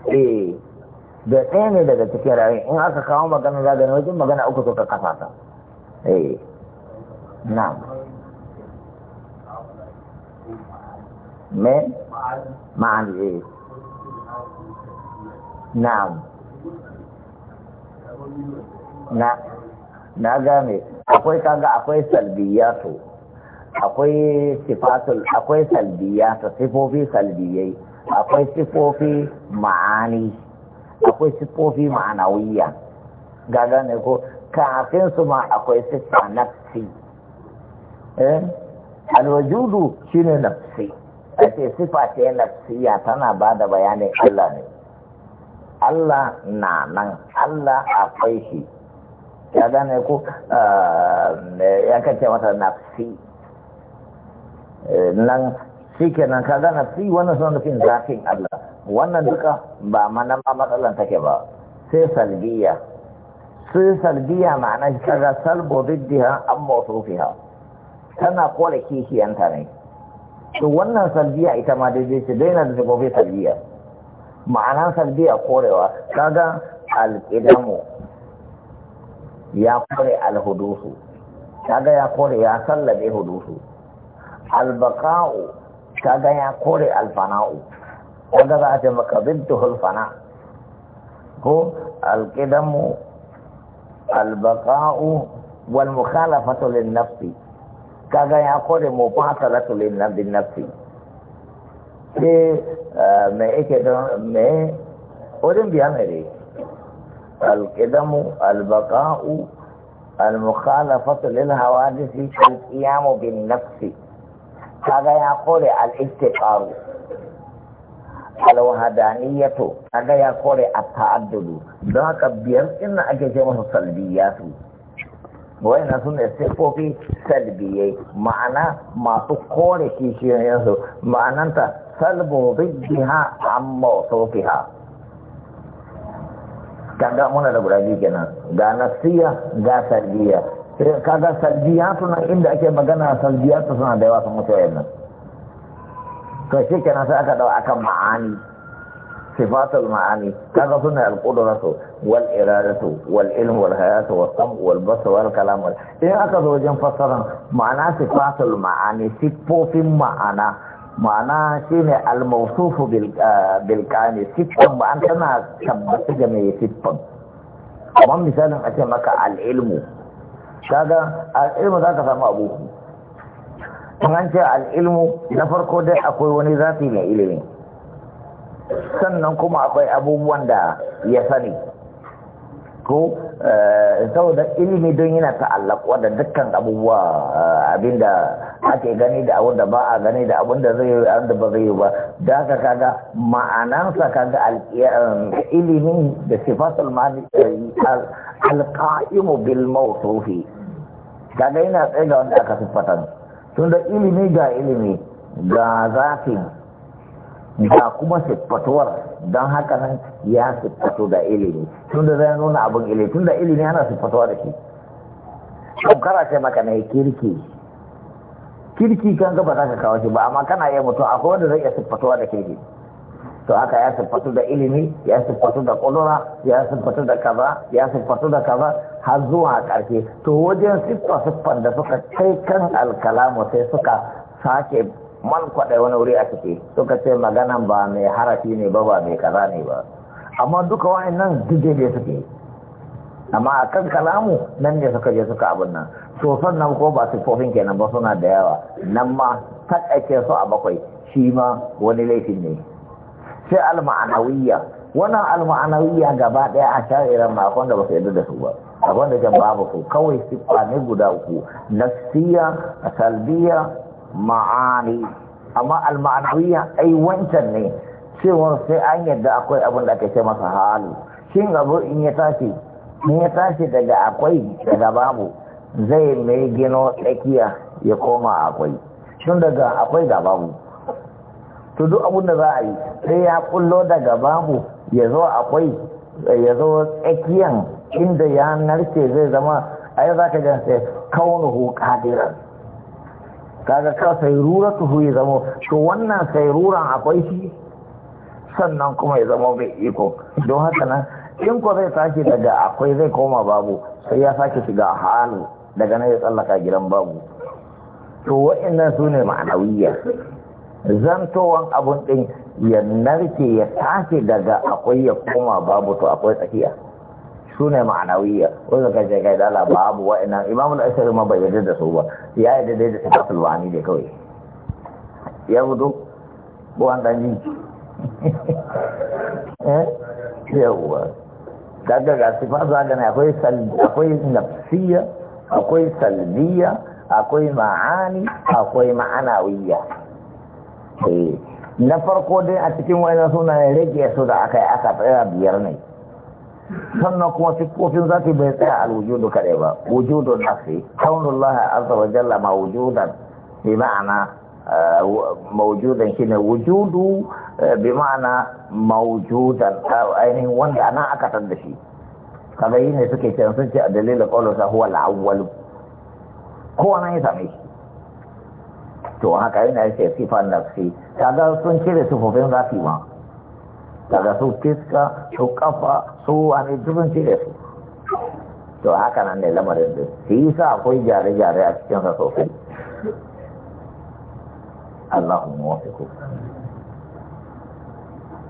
eh da ɗaya ne daga cikin rayu in aka kawo magana za da wajen magana uku suka kafa ta eh na me ma'an yi eh. na na na game akwai kaga akwai salbiyatu akwai sifatul akwai salbiyatu sifofi salbiyai akwai sifofi ma'ani akwai siffofi ma'anawiya gaga ne ko kafin su ma akwai siffa nafsi eh alwajudu shine nafsi a ce siffa ce nafsiya tana ba da bayanin Allah ne Allah na nan Allah akwai shi ya gane ko eh, ya kace mata nafsi eh, nan shi kenan ka gane nafsi wannan suna nufin zafin Allah wannan duka ba mana ma matsalan take ba sai salbiya sai salbiya ma'ana kaga salbo diddiha an mawsufiha tana kore kishiyanta ne to wannan salbiya ita ma daidai ce daina da gobe salbiya ma'anan salbiya korewa kaga alƙidamu ya kore alhudusu kaga ya kore ya sallabe hudusu albaka'u kaga ya kore alfana'u ودرع مقبضته الفناء هو القدم البقاء والمخالفة للنفس كذا يقول مباطلة للنفس في میں ایک میں اورم القدم البقاء المخالفة للحوادث القيام بالنفس هذا يقول الاستقرار alwahadaniyatu kaga ya kore a ta'addudu don haka biyar inna ake ce masa salbiyatu na sun da sifofi salbiyai ma'ana masu kore kishiyoyinsu ma'ananta salbu amma an mawsofiha kaga muna da guda biyu kenan ga nasiya ga salbiya kaga salbiyatu nan inda ake magana salbiyatu suna da yawa sun mutu to shi kenan sai aka dau akan ma'ani sifatul ma'ani kaga suna al-qudratu wal iradatu wal ilmu wal hayatu was sam wal basar wal kalam wal in aka zo wajen fassara ma'ana sifatul ma'ani sifofin ma'ana ma'ana shine al-mawsuf bil ah, bil kani sifan ba an tana tabbata ga mai sifan kamar misalin a ce maka al-ilmu kaga al-ilmu zaka samu abu an ce al'ilmu na farko dai akwai wani zafi mai ilimin sannan kuma akwai abubuwan da ya sani ko eh, saboda ilimi don yana ta'allakuwa da dukkan abubuwa eh, abinda ake gani da abun da ba a gani da abun da zai yi da ba zai yi ba da aka kaga ma'anansa kaga eh, ilimin da sifatul mani alqa'imu bil mawsufi kaga yana tsaye ga wanda aka siffata tunda ilimi ga ilimi ga zafin ga kuma siffatuwar don haka nan ya siffatu da ilimi tunda zai nuna abin ilimi tunda ilimi ana siffatuwa da shi shankara ce maka na kirki kirki kan gaba za ka kawo shi ba amma kana iya mutum akwai wanda zai iya siffatuwa da kirki to haka ya siffatu da ilimi ya siffatu da kudura ya siffatu da kaza ya siffatu da kaza har zuwa karfe to wajen siffa siffan da suka kai kan alkalamu sai suka sake man kwaɗai wani wuri a ciki suka ce maganan ba mai harafi ne ba ba mai kaza ne ba amma duka nan duk da suke amma a kan kalamu nan ne suka je suka abin nan to sannan ko ba siffofin kenan ba suna da yawa nan ma taƙaƙe su a bakwai shi ma wani laifin ne sai alma'anawiyya, wani wannan gaba daya a sha'iran makon da ba su yarda da su ba akwai da jan babu su kawai siffa ne guda uku nafsiya salbiya ma'ani amma alma'anawiyya ai wancan ne cewar sai an yadda akwai abin da ake ce masa halu shin abu in ya tashi in ya tashi daga akwai daga babu zai mai gino tsakiya ya koma akwai tun daga akwai ga babu to duk abun da za a yi sai ya kullo daga babu ya zo akwai ya zo tsakiyan inda ya narke zai zama ai za ka jan sai kaunuhu kadiran kaga ka sai rura tuhu ya zama to wannan sai ruran akwai shi sannan kuma ya zama mai iko don haka nan in ko zai tashi daga akwai zai koma babu sai ya sake shiga halu daga na ya tsallaka gidan babu to wa'annan su ne ma'anawiyya zantowan abun ɗin ya narke ya tashi daga akwai ya koma babu to akwai tsakiya su ne ma'anawiyya wanda ka ce kai dala babu wa'ina da ashari ma bai yarda da su ba ya yadda dai da sifatul wani ne kawai ya fito buwan ɗan ji eh? yawwa daga ga sifa za ga akwai akwai nafsiyya akwai salbiya akwai ma'ani akwai ma'anawiyya Eh, na farko dai a cikin wani ne rage su da aka yi aka tsaya biyar ne sannan kuma za zafi bai tsaya al wujudu kaɗai ba wujudun nafsi laha azza wa jalla ma wujudan bi ma'ana eh, mawujudan shine wujudu eh, bi ma'ana mawujudan ainihin wanda ana aka tar da shi kaga yi ne suke can sun ce a dalilin ƙwallon sa huwa la'awwalu Ko wani ya same shi to haka yana yake sifan nafsi kaga sun cire sufofin zafi ma kaga su fiska su kafa su wani sun cire su to haka nan ne lamarin da su yi sa akwai gyare-gyare a sa sosai Allahumma kuka.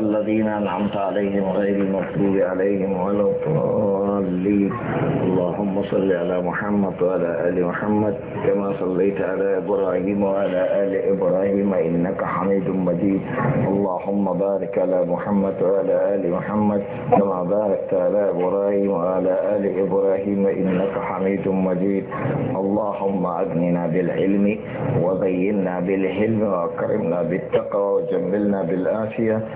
الذين أنعمت عليهم غير المغضوب عليهم ولا الضالين اللهم صل على محمد وعلى آل محمد كما صليت على إبراهيم وعلى آل إبراهيم إنك حميد مجيد اللهم بارك على محمد وعلى آل محمد كما باركت على إبراهيم وعلى آل إبراهيم إنك حميد مجيد اللهم أغننا بالعلم وبينا بالحلم وأكرمنا بالتقوى وجملنا بالآفية